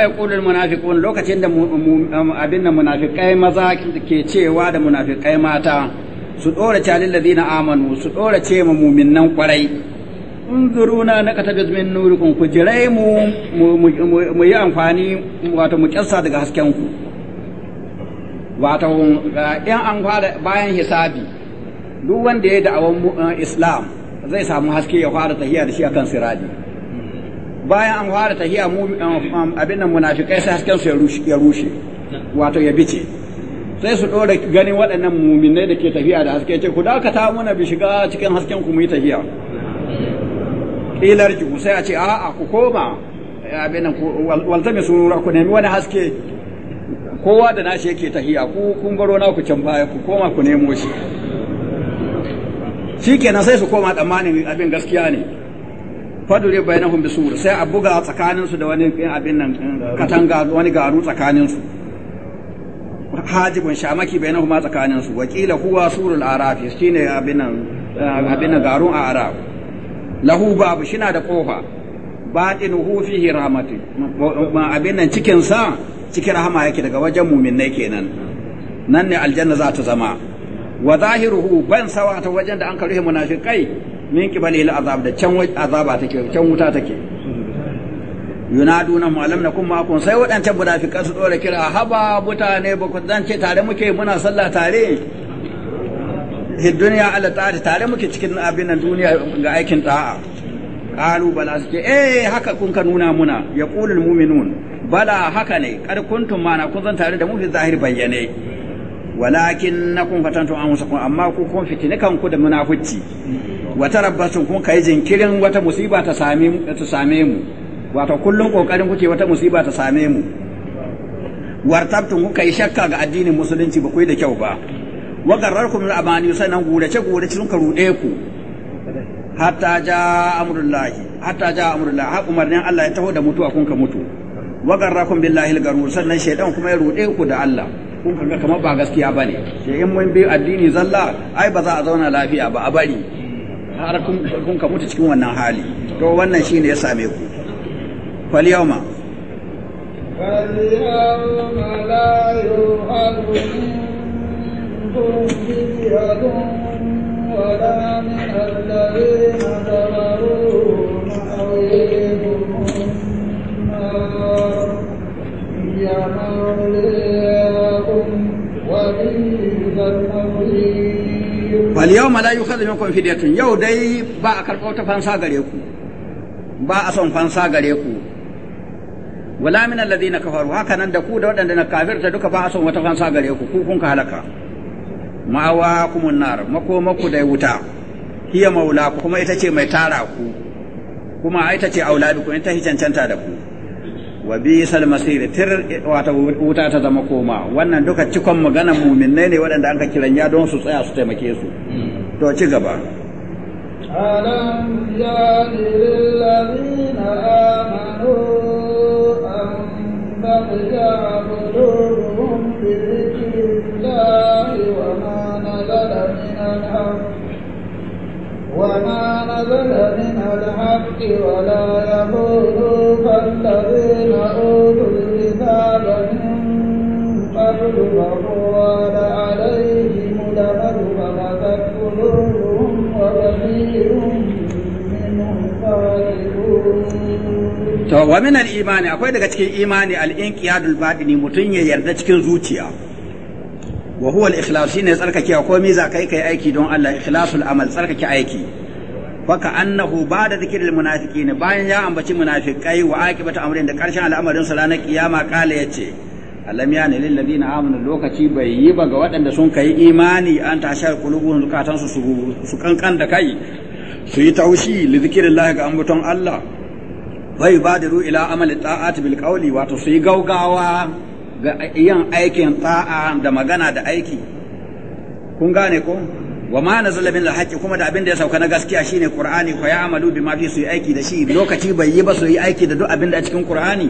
yawma yaqulu almunafiqun lokacin da abin da munafiqai maza ke cewa da munafikai mata su calin da zina amanu su ɗora ce ma mu'minan kwarai zuru na katabit min nurikum ku jirai mu mu yi amfani wato mu ƙyarsa daga hasken ku wato in an fara bayan hisabi duk wanda ya yi da awon eh, islam zai samu haske ya fara tahiya da shi akan siradi bayan an fara tahiya um, um, abin nan munafikai sai hasken su ya rushe wato ya bice sai su ɗora ganin waɗannan muminai da ke tafiya da haske ce ku dakata muna bi shiga cikin hasken ku mu yi tahiya kilar jiku sai a ce a'a ku koma abin nan waltami su ku nemi wani haske kowa da nashi yake tahiya ku kun baro na ku can baya ku koma ku nemo shi shi kenan sai su koma tsammanin abin gaskiya ne fadure bainahum bisu sai a buga tsakaninsu da wani abin nan katanga wani garu tsakaninsu. hajibun shamaki bainahum ma tsakaninsu. wakila huwa surul arafi shine abin nan abin nan garun a arab lahu babu shina da kofa batinuhu fihi rahmatu abin nan cikin sa cikin rahama yake daga wajen mu'minnai kenan nan ne aljanna za ta zama wa zahiruhu ban sawa ta wajen da an karuhe munafiqai min kibali ila azab da can azaba take can wuta take yunaduna mu na kuma kun sai waɗancan munafikan su dora kira haba mutane ba ku zance tare muke muna sallah tare hi duniya ala ta'ati tare muke cikin abin nan duniya ga aikin da'a qalu bala suke eh haka kun ka nuna muna yaqulul mu'minun bala haka ne kar kuntum mana kun zan tare da mu fi zahir bayyane walakin nakum fatantum amsakum amma ku kun fitine kanku da munafici wata rabbasun kun kai jinkirin wata musiba ta same ta same mu wato kullun kokarin kuke wata musiba ta same mu wartabtun kun yi shakka ga addinin musulunci ba ku da kyau ba wa garrarkum al amani sanan gurace ce sun ka ku hatta ja amrullahi hatta ja amrullahi ha umarnin Allah ya taho da mutuwa kun ka mutu wa garrakum billahi al-garur sannan shaydan kuma ya rude ku da Allah kun kaga kamar ba gaskiya bane sai in mun bi addini zalla ai ba za a zauna lafiya ba a bari har kun ka mutu cikin wannan hali to wannan shine ya same ku fal yawma fal yawma la yu'adu ولا من الذين كفروا مأويهم النار هي موليهم wal yawma la yukhadhu minkum fidyatun yau dai ba a karɓo ta fansa gare ku ba a son fansa gare ku wala min alladhina kafaru haka nan da ku da waɗanda na kafirta duka ba a son wata fansa gare ku ku kun ka halaka ma'awa kumun nar makomaku da wuta hiya maula kuma ita ce mai tara ku kuma ita ce ku ita hi cancanta da ku wa bi sal masir tir wata wuta ta zama koma wannan duka cikon magana muminai ne waɗanda an ka kiran ya don su tsaya su taimake su to ci gaba ألم يأن للذين وما نزل من الحق ولا يقول فالذين أوتوا الكتاب من قبل وهو عليهم لمن فقد قلوبهم وكثير To, wa minan imani, akwai daga cikin imani al’inƙiyadul baɗini mutum ya yarda cikin zuciya. wa huwa al-ikhlas shine ko me za kai kai aiki don Allah ikhlasul amal tsarkake aiki fa ka annahu ba'da dhikril munafiqin bayan ya ambaci munafiqai wa aqibatu amrin da karshen al'amarin sa ranar kiyama kala yace alam ya lil ladina amanu lokaci bai yi ba ga waɗanda sun kai imani an tashar qulubun zukatan su su kankan da kai su yi taushi li dhikrillah ga ambaton Allah wa yubadiru ila amali ta'ati bil qawli wato su yi gaugawa ga yin aikin ta'a da magana da aiki kun gane ko wa ma na zalabin alhaqi kuma da abin da ya sauka na gaskiya shine qur'ani fa ya'malu bima fi su yi aiki da shi lokaci bai yi ba su yi aiki da duk abin da a cikin ƙur'ani?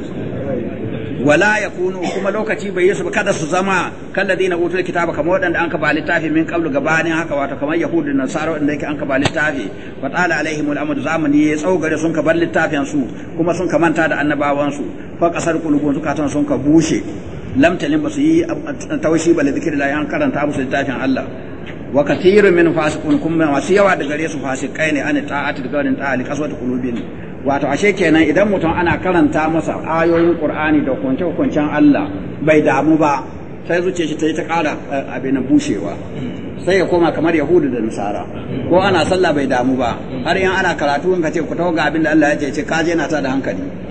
wala ya kunu. kuma lokaci bai yi su kada su zama na utul kitaba kamar wadanda an kaba littafi min qablu gabanin haka wato kamar yahudun nasara inda yake an kaba littafi fa tala alaihim zamani ya tsogare sun ka bar littafin su kuma sun ka manta da annabawan su fa kasar kulubun zukatan sun ka bushe lam talim basu yi taushi ba zikir la an karanta musu tafin Allah wa kathirun min fasiqun kuma masu yawa da gare su fasikai ne ana ta'ati da garin ta'ali kaswatu qulubin wato ashe kenan idan mutum ana karanta masa ayoyin Qur'ani da hukunce hukuncen Allah bai damu ba sai zuciya shi ta yi ta ƙara eh, abin bushewa sai ya koma kamar yahudu da nasara ko ana sallah bai damu ba har yan ana karatu in ka ce ku tawo ga abin da Allah ya ce ka je na ta da hankali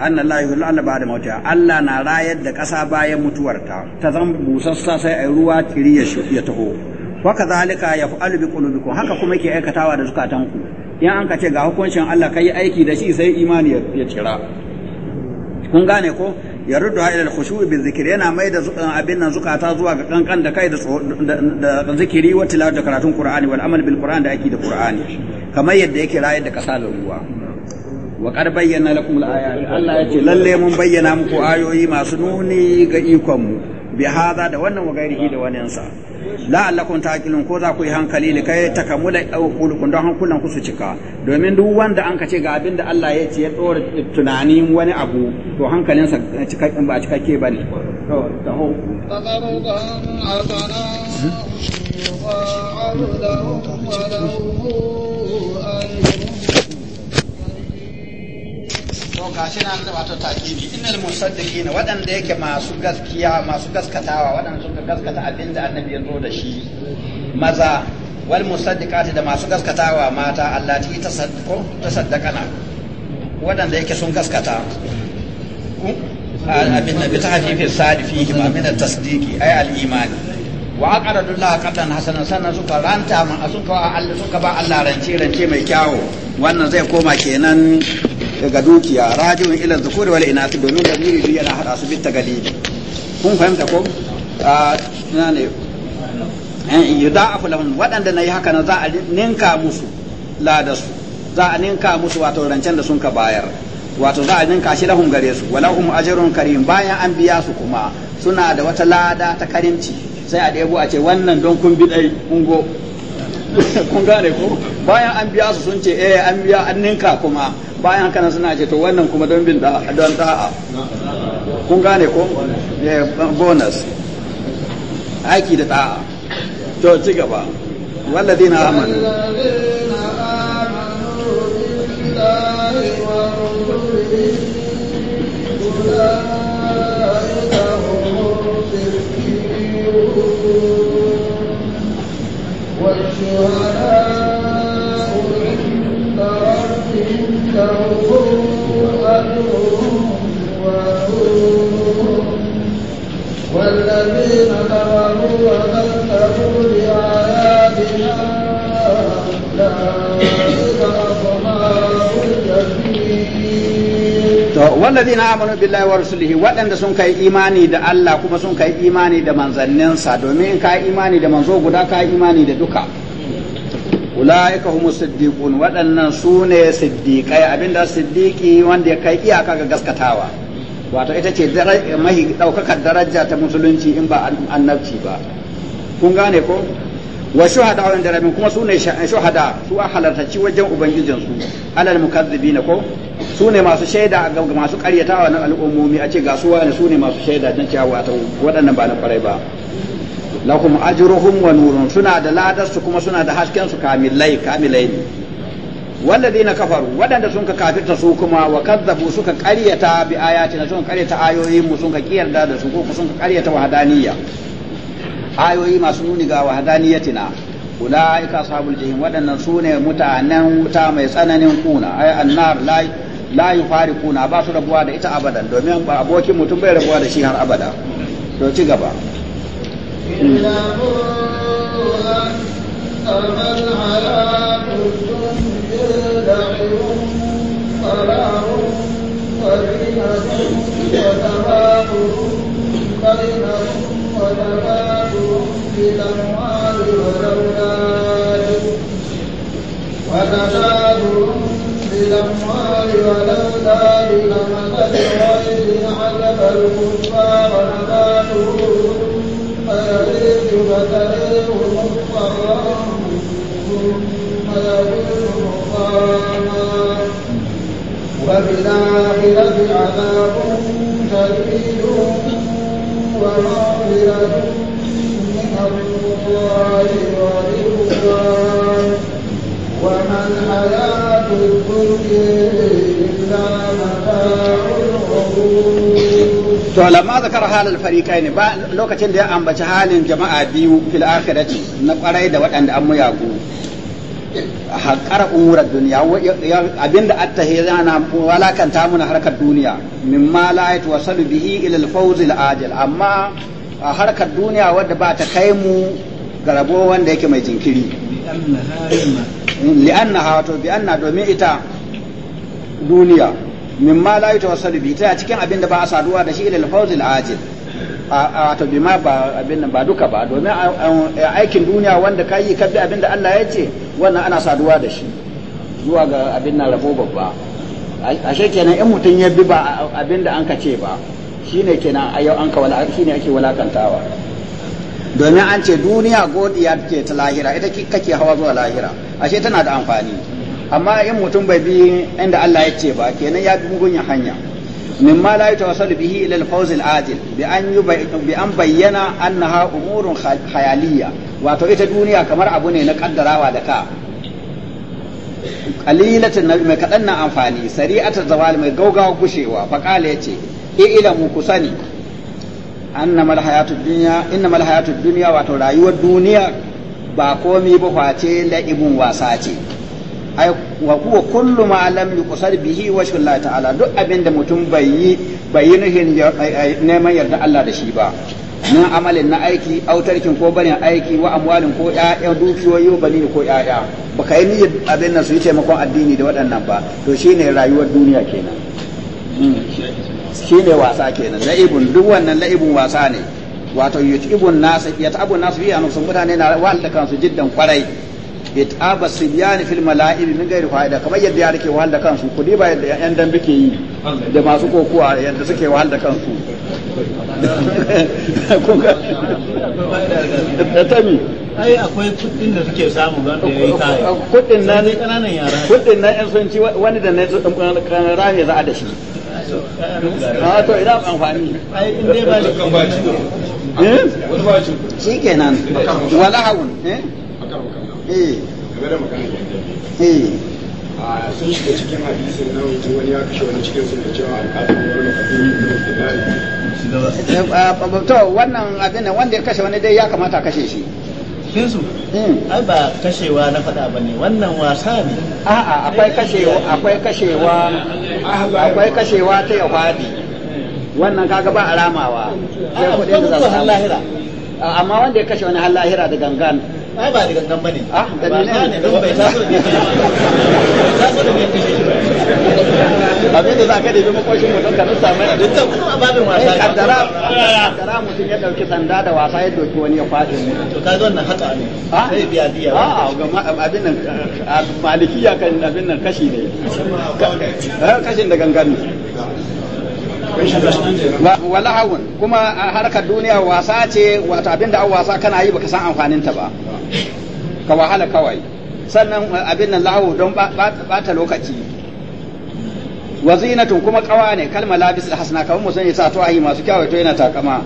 anna la yuhillu ba da mawtiha Allah na rayar da ƙasa bayan mutuwarta ta zan busassa sai ai ruwa kiri ya taho wa kadhalika yaf'alu bi qulubikum haka kuma yake aikatawa da zukatanku in an ka ce ga hukuncin Allah kai aiki da shi sai imani ya tsira kun gane ko ya rudu ila al-khushu' bi dhikri yana mai da abin nan zukata zuwa ga kankan da kai da zikiri wa tilawatul karatun Qur'ani wal amal bil qur'ani da aiki da Qur'ani kamar yadda yake rayar da ƙasa da ruwa wa bayyana lakum al-ayat Allah ya ce lalle mun bayyana muku ayoyi masu nuni ga ikon mu bi hada da wannan wa gairihi da wannan sa La'allakun taqilun ko za ku yi hankali ne kai takamula qulukum don hankulan ku su cika domin duk wanda an kace ga abin da Allah ya ce ya tsora tunanin wani abu to hankalinsa cikakken ba cikakke bane to hmm? taho تقرضا حسنا يضاعف لهم to ga shi nan da wato takibi innal musaddiqina waɗanda yake masu gaskiya masu gaskatawa waɗanda suka gaskata abin da annabi ya zo da shi maza wal musaddiqati da masu gaskatawa mata ta tasaddaqo tasaddaqana waɗanda yake sun gaskata ku abin da ta hafifin sadifi ma min at-tasdiqi ay al-imani wa aqradu Allah qatan hasanan sanan suka ranta ma suka Allah suka ba Allah rance rance mai kyawo wannan zai koma kenan daga dukiya rajiun ila zukuri wal inasi domin da miri yana hada su bitta galibi kun fahimta ko ah, a ne eh, yudha'afu lahum waɗanda na yi haka na za a ninka musu ladasu za a ninka musu wato rancen da sun ka bayar wato za a ninka shi lahum gare su wala walahum ajrun karim bayan an biya su kuma suna da wata lada ta karimci sai a ɗebo a ce wannan don kun bi ɗai kun go (laughs) kun gane ko bayan an biya su sun ce eh an biya an ninka kuma bayan haka suna ce to wannan kuma don bin da don da'a kun gane ko bonus aiki da da'a to ci gaba والذين آمنوا والشهداء الذين كفروا وكذبوا بآياتنا أولئك أصحاب الجحيم. sun kai imani da Allah kuma sun kai imani da manzanninsa domin ka imani da manzo guda ka imani da duka ula'ika humu siddiqun waɗannan su ne siddiƙai abinda siddiƙi wanda ya kai iyaka ga gaskatawa wato ita ce mahi ɗaukakar daraja ta musulunci in ba annabci ba kun gane ko wa shuhada wa inda rabin kuma sune shuhada su a halartaci wajen ubangijin su alal ne ko sune masu shaida ga masu karyatawa na al'ummomi a ce ga su wani sune masu shaida na cewa wato waɗannan ba na kwarai ba lakum ajruhum wa nurun suna da ladar su kuma suna da hasken su kamilai kamilai ne wallazi na kafar waɗanda sun ka su kuma wa kar suka karya ta bi'a ya cina sukan karya ta kiyar da su ku sun ka karya ta ayoyi masu nuni ga wahadaniya ya cina guda ai ka sabulci waɗannan mutanen wuta mai tsananin kuna annar layi fari kuna a ba su rabuwa da ita abadan domin a abokinmu tun bai rabuwa da shi har abadan to cigaba. إنما الحياة الدنيا لعب ولهو وزينة وتفاخر بينكم وتفاخر بالأموال والأولاد وتفاخر بالأموال والأولاد كمثل غير الكفار نباته يغيظ فتريهم مضطرا ثم يغيظهم قاما وبالآخرة عذاب شديد ومغفرة من الله ورضوان وما الحياة to lamma zakara halal fariqaini ba lokacin da ya ambaci halin jama'a biyu fil akhirati na kwarai da waɗanda an muyagu haƙar umurar duniya abinda attahe yana walakanta muna harkar duniya mimma la yatwasalu bihi ila al-fawz al-ajil amma harkar duniya wadda ba ta kai mu ga rabo wanda yake mai jinkiri li'annaha to bi anna domin ita duniya Min ma la yatawassalu bi ta cikin abin da ba a saduwa da shi ila ilal fawzil ajil a to bi ma ba abin ba duka ba domin aikin duniya wanda ka yi kabbi abin da Allah ya ce wannan ana saduwa da shi zuwa ga abin nan rabo babba ashe kenan in mutum ya bi ba abin da an ka ce ba shine kenan a yau an ka wala shine ake walakantawa domin an ce duniya godiya ce ta lahira ita kake hawa zuwa lahira ashe tana da amfani amma in mutum bai bi inda Allah ya ce ba kenan ya bi hanya min ma la yatawassal bihi ila al-fawz al-ajil bi an bi an bayyana annaha umurun hayaliya wato ita duniya kamar abu ne na kaddarawa da ka qalilatan mai kadan na amfani sari'atul zawal mai gaugawa gushewa faqala yace ilamu ku sani annama alhayatu dunya innama alhayatu dunya wato rayuwar duniya ba komi ba la ibun wasa ce ai wa huwa kullu ma lam yuqsar bihi wa Allah ta'ala duk abinda mutum bai yi bai nuhin neman yarda Allah da shi ba na amalin na aiki autarkin ko barin aiki wa amwalin ko yaya dukiyoyi wa ni ko ƴaƴa baka yi ni abin nan su yi taimakon addini da waɗannan ba to shine rayuwar duniya kenan shine wasa kenan la'ibun duk wannan la'ibun wasa ne wato yut'ibun nas yat'abun nasu, fi anhum mutane na wahalta kansu jiddan kwarai it'aba sibyani fil mala'ib min ghairi fa'ida kamar yadda ya rike wahalta kansu kudi ba yadda yan dan bike yi da masu kokowa yadda suke wahalta kansu (laughs) kun ga tami ai akwai kudin da suke samu ga da yayi kai kudin nan kananan yara Kuɗin nan yan sanci wani da ne rami za a da shi a ah, to ina amfani ai in dai ba shi ba shi eh wani ba ci shikenan wala hawun eh eh eh ah, sun shiga cikin hadisi na mutum wani ya kashe wani cikin sun da cewa alƙalin wani kafin yi da eh, ah, wannan abin nan wanda ya kashe wani dai ya kamata kashe shi cikinsu hmm. ai ba kashewa na faɗa ba ne wannan wasa ne a'a akwai kashewa akwai kashewa akwai kashewa ta yahudi wannan kaga ba alamawa sai kuɗin da za lahira amma wanda ya kashe wani har lahira da gangan ai ba da gangan bane ah da ne ne don bai taso da ne ba taso da ne kashe shi ba da za ka dabi makoshin mutum ka nusa mai abin da kuma babin wasa kaddara dara mutum ya dauki sanda da wasa ya doki wani ya kwashe mu to ka zo nan haka ne sai biya diya a a abin nan ya kan abin nan kashi ne kashin da gangan wala hawun kuma harkar duniya wasa ce wato abin da an wasa kana yi baka san amfanin ta ba ka wahala kawai sannan abin nan lahu don bata lokaci wa zinatun kuma kawa ne kalma labis hasna kawai mu sani sa to ayi masu kyawu to yana takama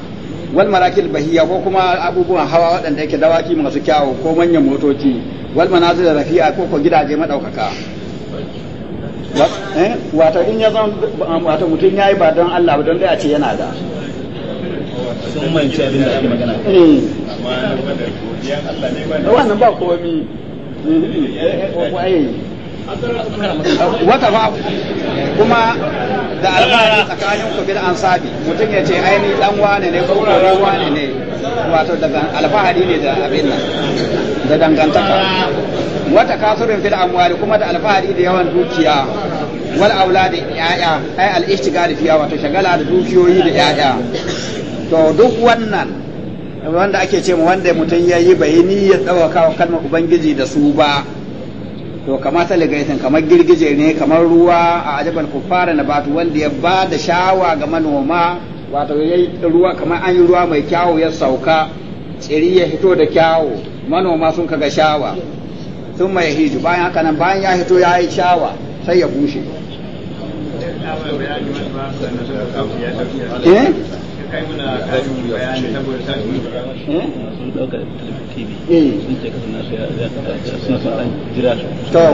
wal marakil bahiya ko kuma abubuwan hawa waɗanda yake dawaki masu kyawu ko manyan motoci wal manazil rafi'a ko ko gidaje madaukaka eh, wato in ya zan wato mutum yayi ba don Allah ba don dai a ce yana da eh. wannan ba komi eh, wata ba kuma da alfahari tsakanin ku an ansabi mutum ya ce aini dan wane ne ko ko wane ne wato daga alfahari ne da abin nan da dangantaka wata kasurin fil amwali kuma da alfahari da yawan dukiya wal aulad ya'ya ai al ishtigal fiya wato shagala da dukiyoyi da ya'ya to duk wannan wanda ake ce wanda mutum ya yi bai niyyar ɗaukaka kalmar ubangiji da su ba to kamata ligaitin kamar girgije ne kamar ruwa a ajabal kufara na batu wanda ya ba da shawa ga manoma wato ya ruwa kamar an yi ruwa mai kyawu ya sauka tsiri ya hito da kyawu manoma sun kaga shawa sun mai hiju bayan haka nan bayan ya hito ya yi shawa sai ya bushe kai muna karin bayani saboda sa hmm? sun dauka tv hmm. sun ce nasu dan jira su to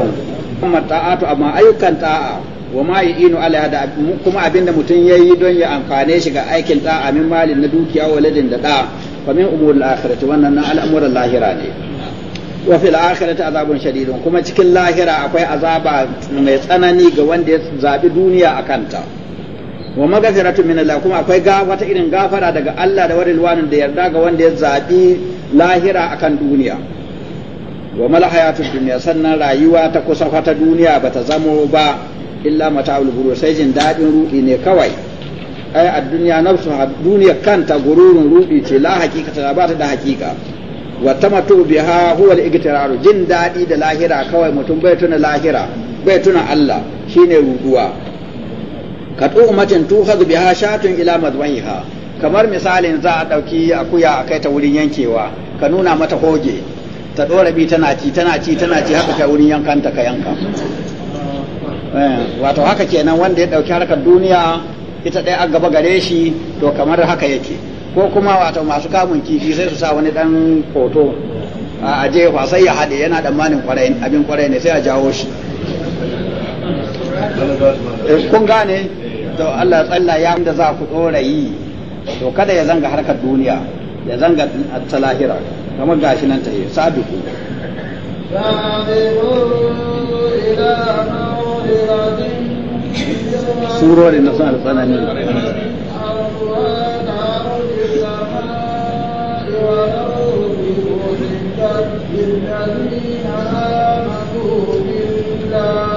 amma ta'atu amma ayyukan ta'a wa ma yu'inu ala da kuma abinda mutum yayi don ya amfane shi ga aikin ta'a min malin na dukiya waladin da da fa min umurul akhirati wannan na al'amuran lahira ne wa fil akhirati azabun shadidun kuma cikin lahira akwai azaba mai tsanani ga wanda ya zabi duniya kanta wa magafiratun min Allah kuma akwai wata irin gafara daga Allah da warilwanin da yarda ga wanda ya zaɓi lahira akan duniya wa mala hayatu duniya sannan rayuwa ta kusa ta duniya ba ta zamo ba illa mata'ul gurur sai jin daɗin ruɗi ne kawai ai a duniya nafsu duniya kanta gururin ruɗi ce la ta ba ta da hakika wa tamattu biha huwa al-igtiraru jin daɗi da lahira kawai mutum bai tuna lahira bai tuna Allah shine ruduwa ka tu tukhadhu biha shatun ila madwaiha kamar misalin za a ɗauki akuya a kai ta wurin yankewa ka nuna mata hoge ta ɗora bi tana ci tana ci tana ci haka kai wurin yankanta ka yanka eh, wato haka kenan wanda ya ɗauki harkar duniya ita ɗaya a gaba gare shi to kamar haka yake ko kuma wato masu kamun kifi sai su sa wani ɗan hoto a jefa sai ya haɗe yana manin kwarai abin kwarai ne sai a jawo shi eh, kun gane to Allah tsalla ya da za ku dora yi to kada ya zanga harkar duniya ya zanga ta lahira kamar gashi nan ta yi sabiku Surori na suna da tsanani Thank you.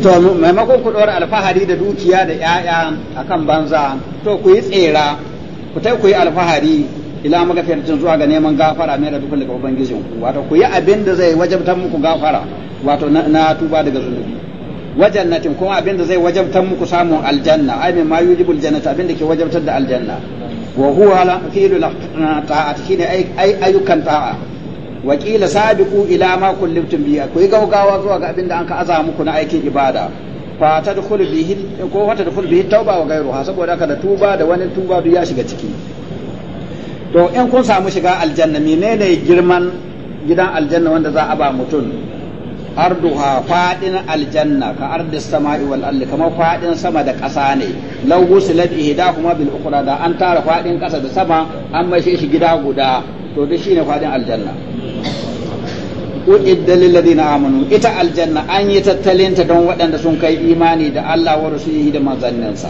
to maimakon ku ɗora alfahari da dukiya da ‘ya'ya a kan banza to ku yi tsera ku tai ku yi alfahari ila magafiyarcin zuwa ga neman gafara mai da dukkan daga ubangijin ku wato ku yi abin da zai wajabtar muku gafara wato na tuba daga zunubi wajannatin kuma abin da zai wajabtar muku samun aljanna ai mai mayu jibul jannata abin da ke wajabtar da aljanna wa huwa la fi'lu ta'ati shine ayyukan ta'a wakila sabiku ila ma kullibtum biya ku yi gaugawa zuwa ga abin da an ka aza muku na aikin ibada fa tadkhulu bihi ko fa tadkhulu bihi tauba wa ha saboda ka da tuba da wani tuba duk ya shiga ciki to in kun samu shiga aljanna menene girman gidan aljanna wanda za a ba mutum arduha fadin aljanna ka ardi sama'i wal ardi kamar fadin sama da kasa ne law wusilat ihdahuma bil ukhra da an tara fadin kasa da sama an mai shi gida guda to duk shine fadin aljanna u'idda ladina amanu ita aljanna an yi tattalin ta don waɗanda sun kai imani da Allah wa rasulihi da manzanninsa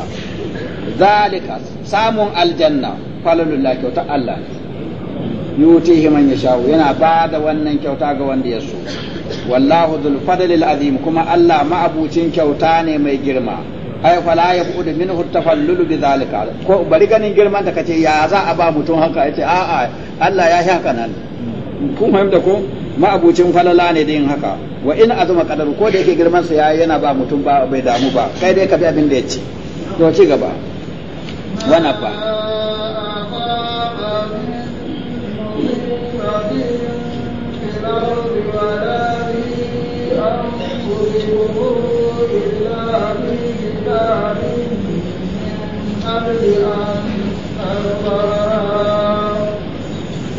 zalika samun aljanna falalullah kyauta Allah himan ya yana ba da wannan kyauta ga wanda ya so wallahu dhul fadlil azim kuma Allah ma'abucin kyauta ne mai girma ai fala yabud min tafallulu bi zalika ko bari ganin girman ta kace ya za a ba mutum haka yace a'a Allah ya haka nan kuma fahimta ko ma'abucin falala ne da yin haka wa in azuma qadaru ko da yake girman sa yayi yana ba mutum ba bai damu ba kai dai ka bi abin da ya ce to ci gaba wana fa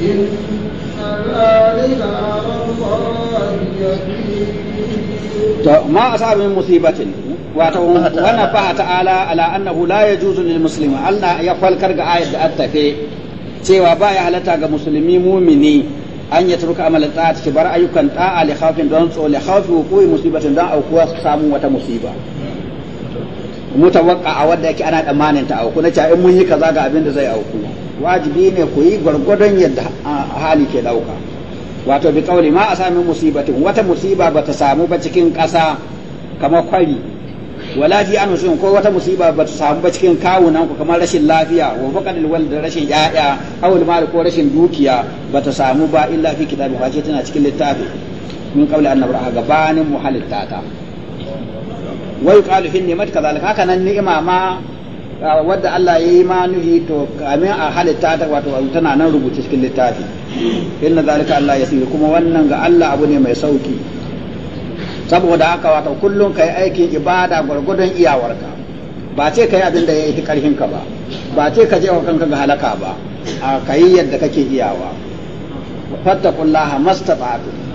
Thank you. ذلك على الله يسير ما ta'ala من مصيبة ونبه تعالى على أنه لا ya falkar ga يقبل da آية tafe cewa ya halatta ga musulmi mumini an ya turka amal ta'at shi bar ayyukan ta'a li khawfin don tso li khawfi wuqu'i musibatin don aukuwa samun wata musiba mutawakka a wadda yake ana tsammanin ta auku na in mun yi kaza ga abin da zai auku wajibi ne ku yi gwargwadon yadda hali ke dauka wato bi kauli ma a sami musibatin wata musiba ba ta samu ba cikin ƙasa kamar kwari wala fi an sun ko wata musiba ba ta samu ba cikin kawunan ku kamar rashin lafiya wa faqadil da rashin yaya aw mal ko rashin dukiya ba ta samu ba illa fi kitabi fa tana cikin littafi min kauli annabi raha gabanin muhalitta ta wa yuqalu fi ni'mat kadhalika haka nan ni'ima ma ah, wadda Allah ya yi ma nuhi to kamin a halitta ta wato tana nan rubuce cikin littafi inna zalika Allah ya sani kuma wannan ga Allah abu ne mai sauki saboda haka wato kullum kai aikin ibada gwargwadon iyawarka ba ce kai abin da ya yi karfin ka ba ba ce ka je wa kanka ga halaka ba a kai yadda kake iyawa fattakullaha mastata'tu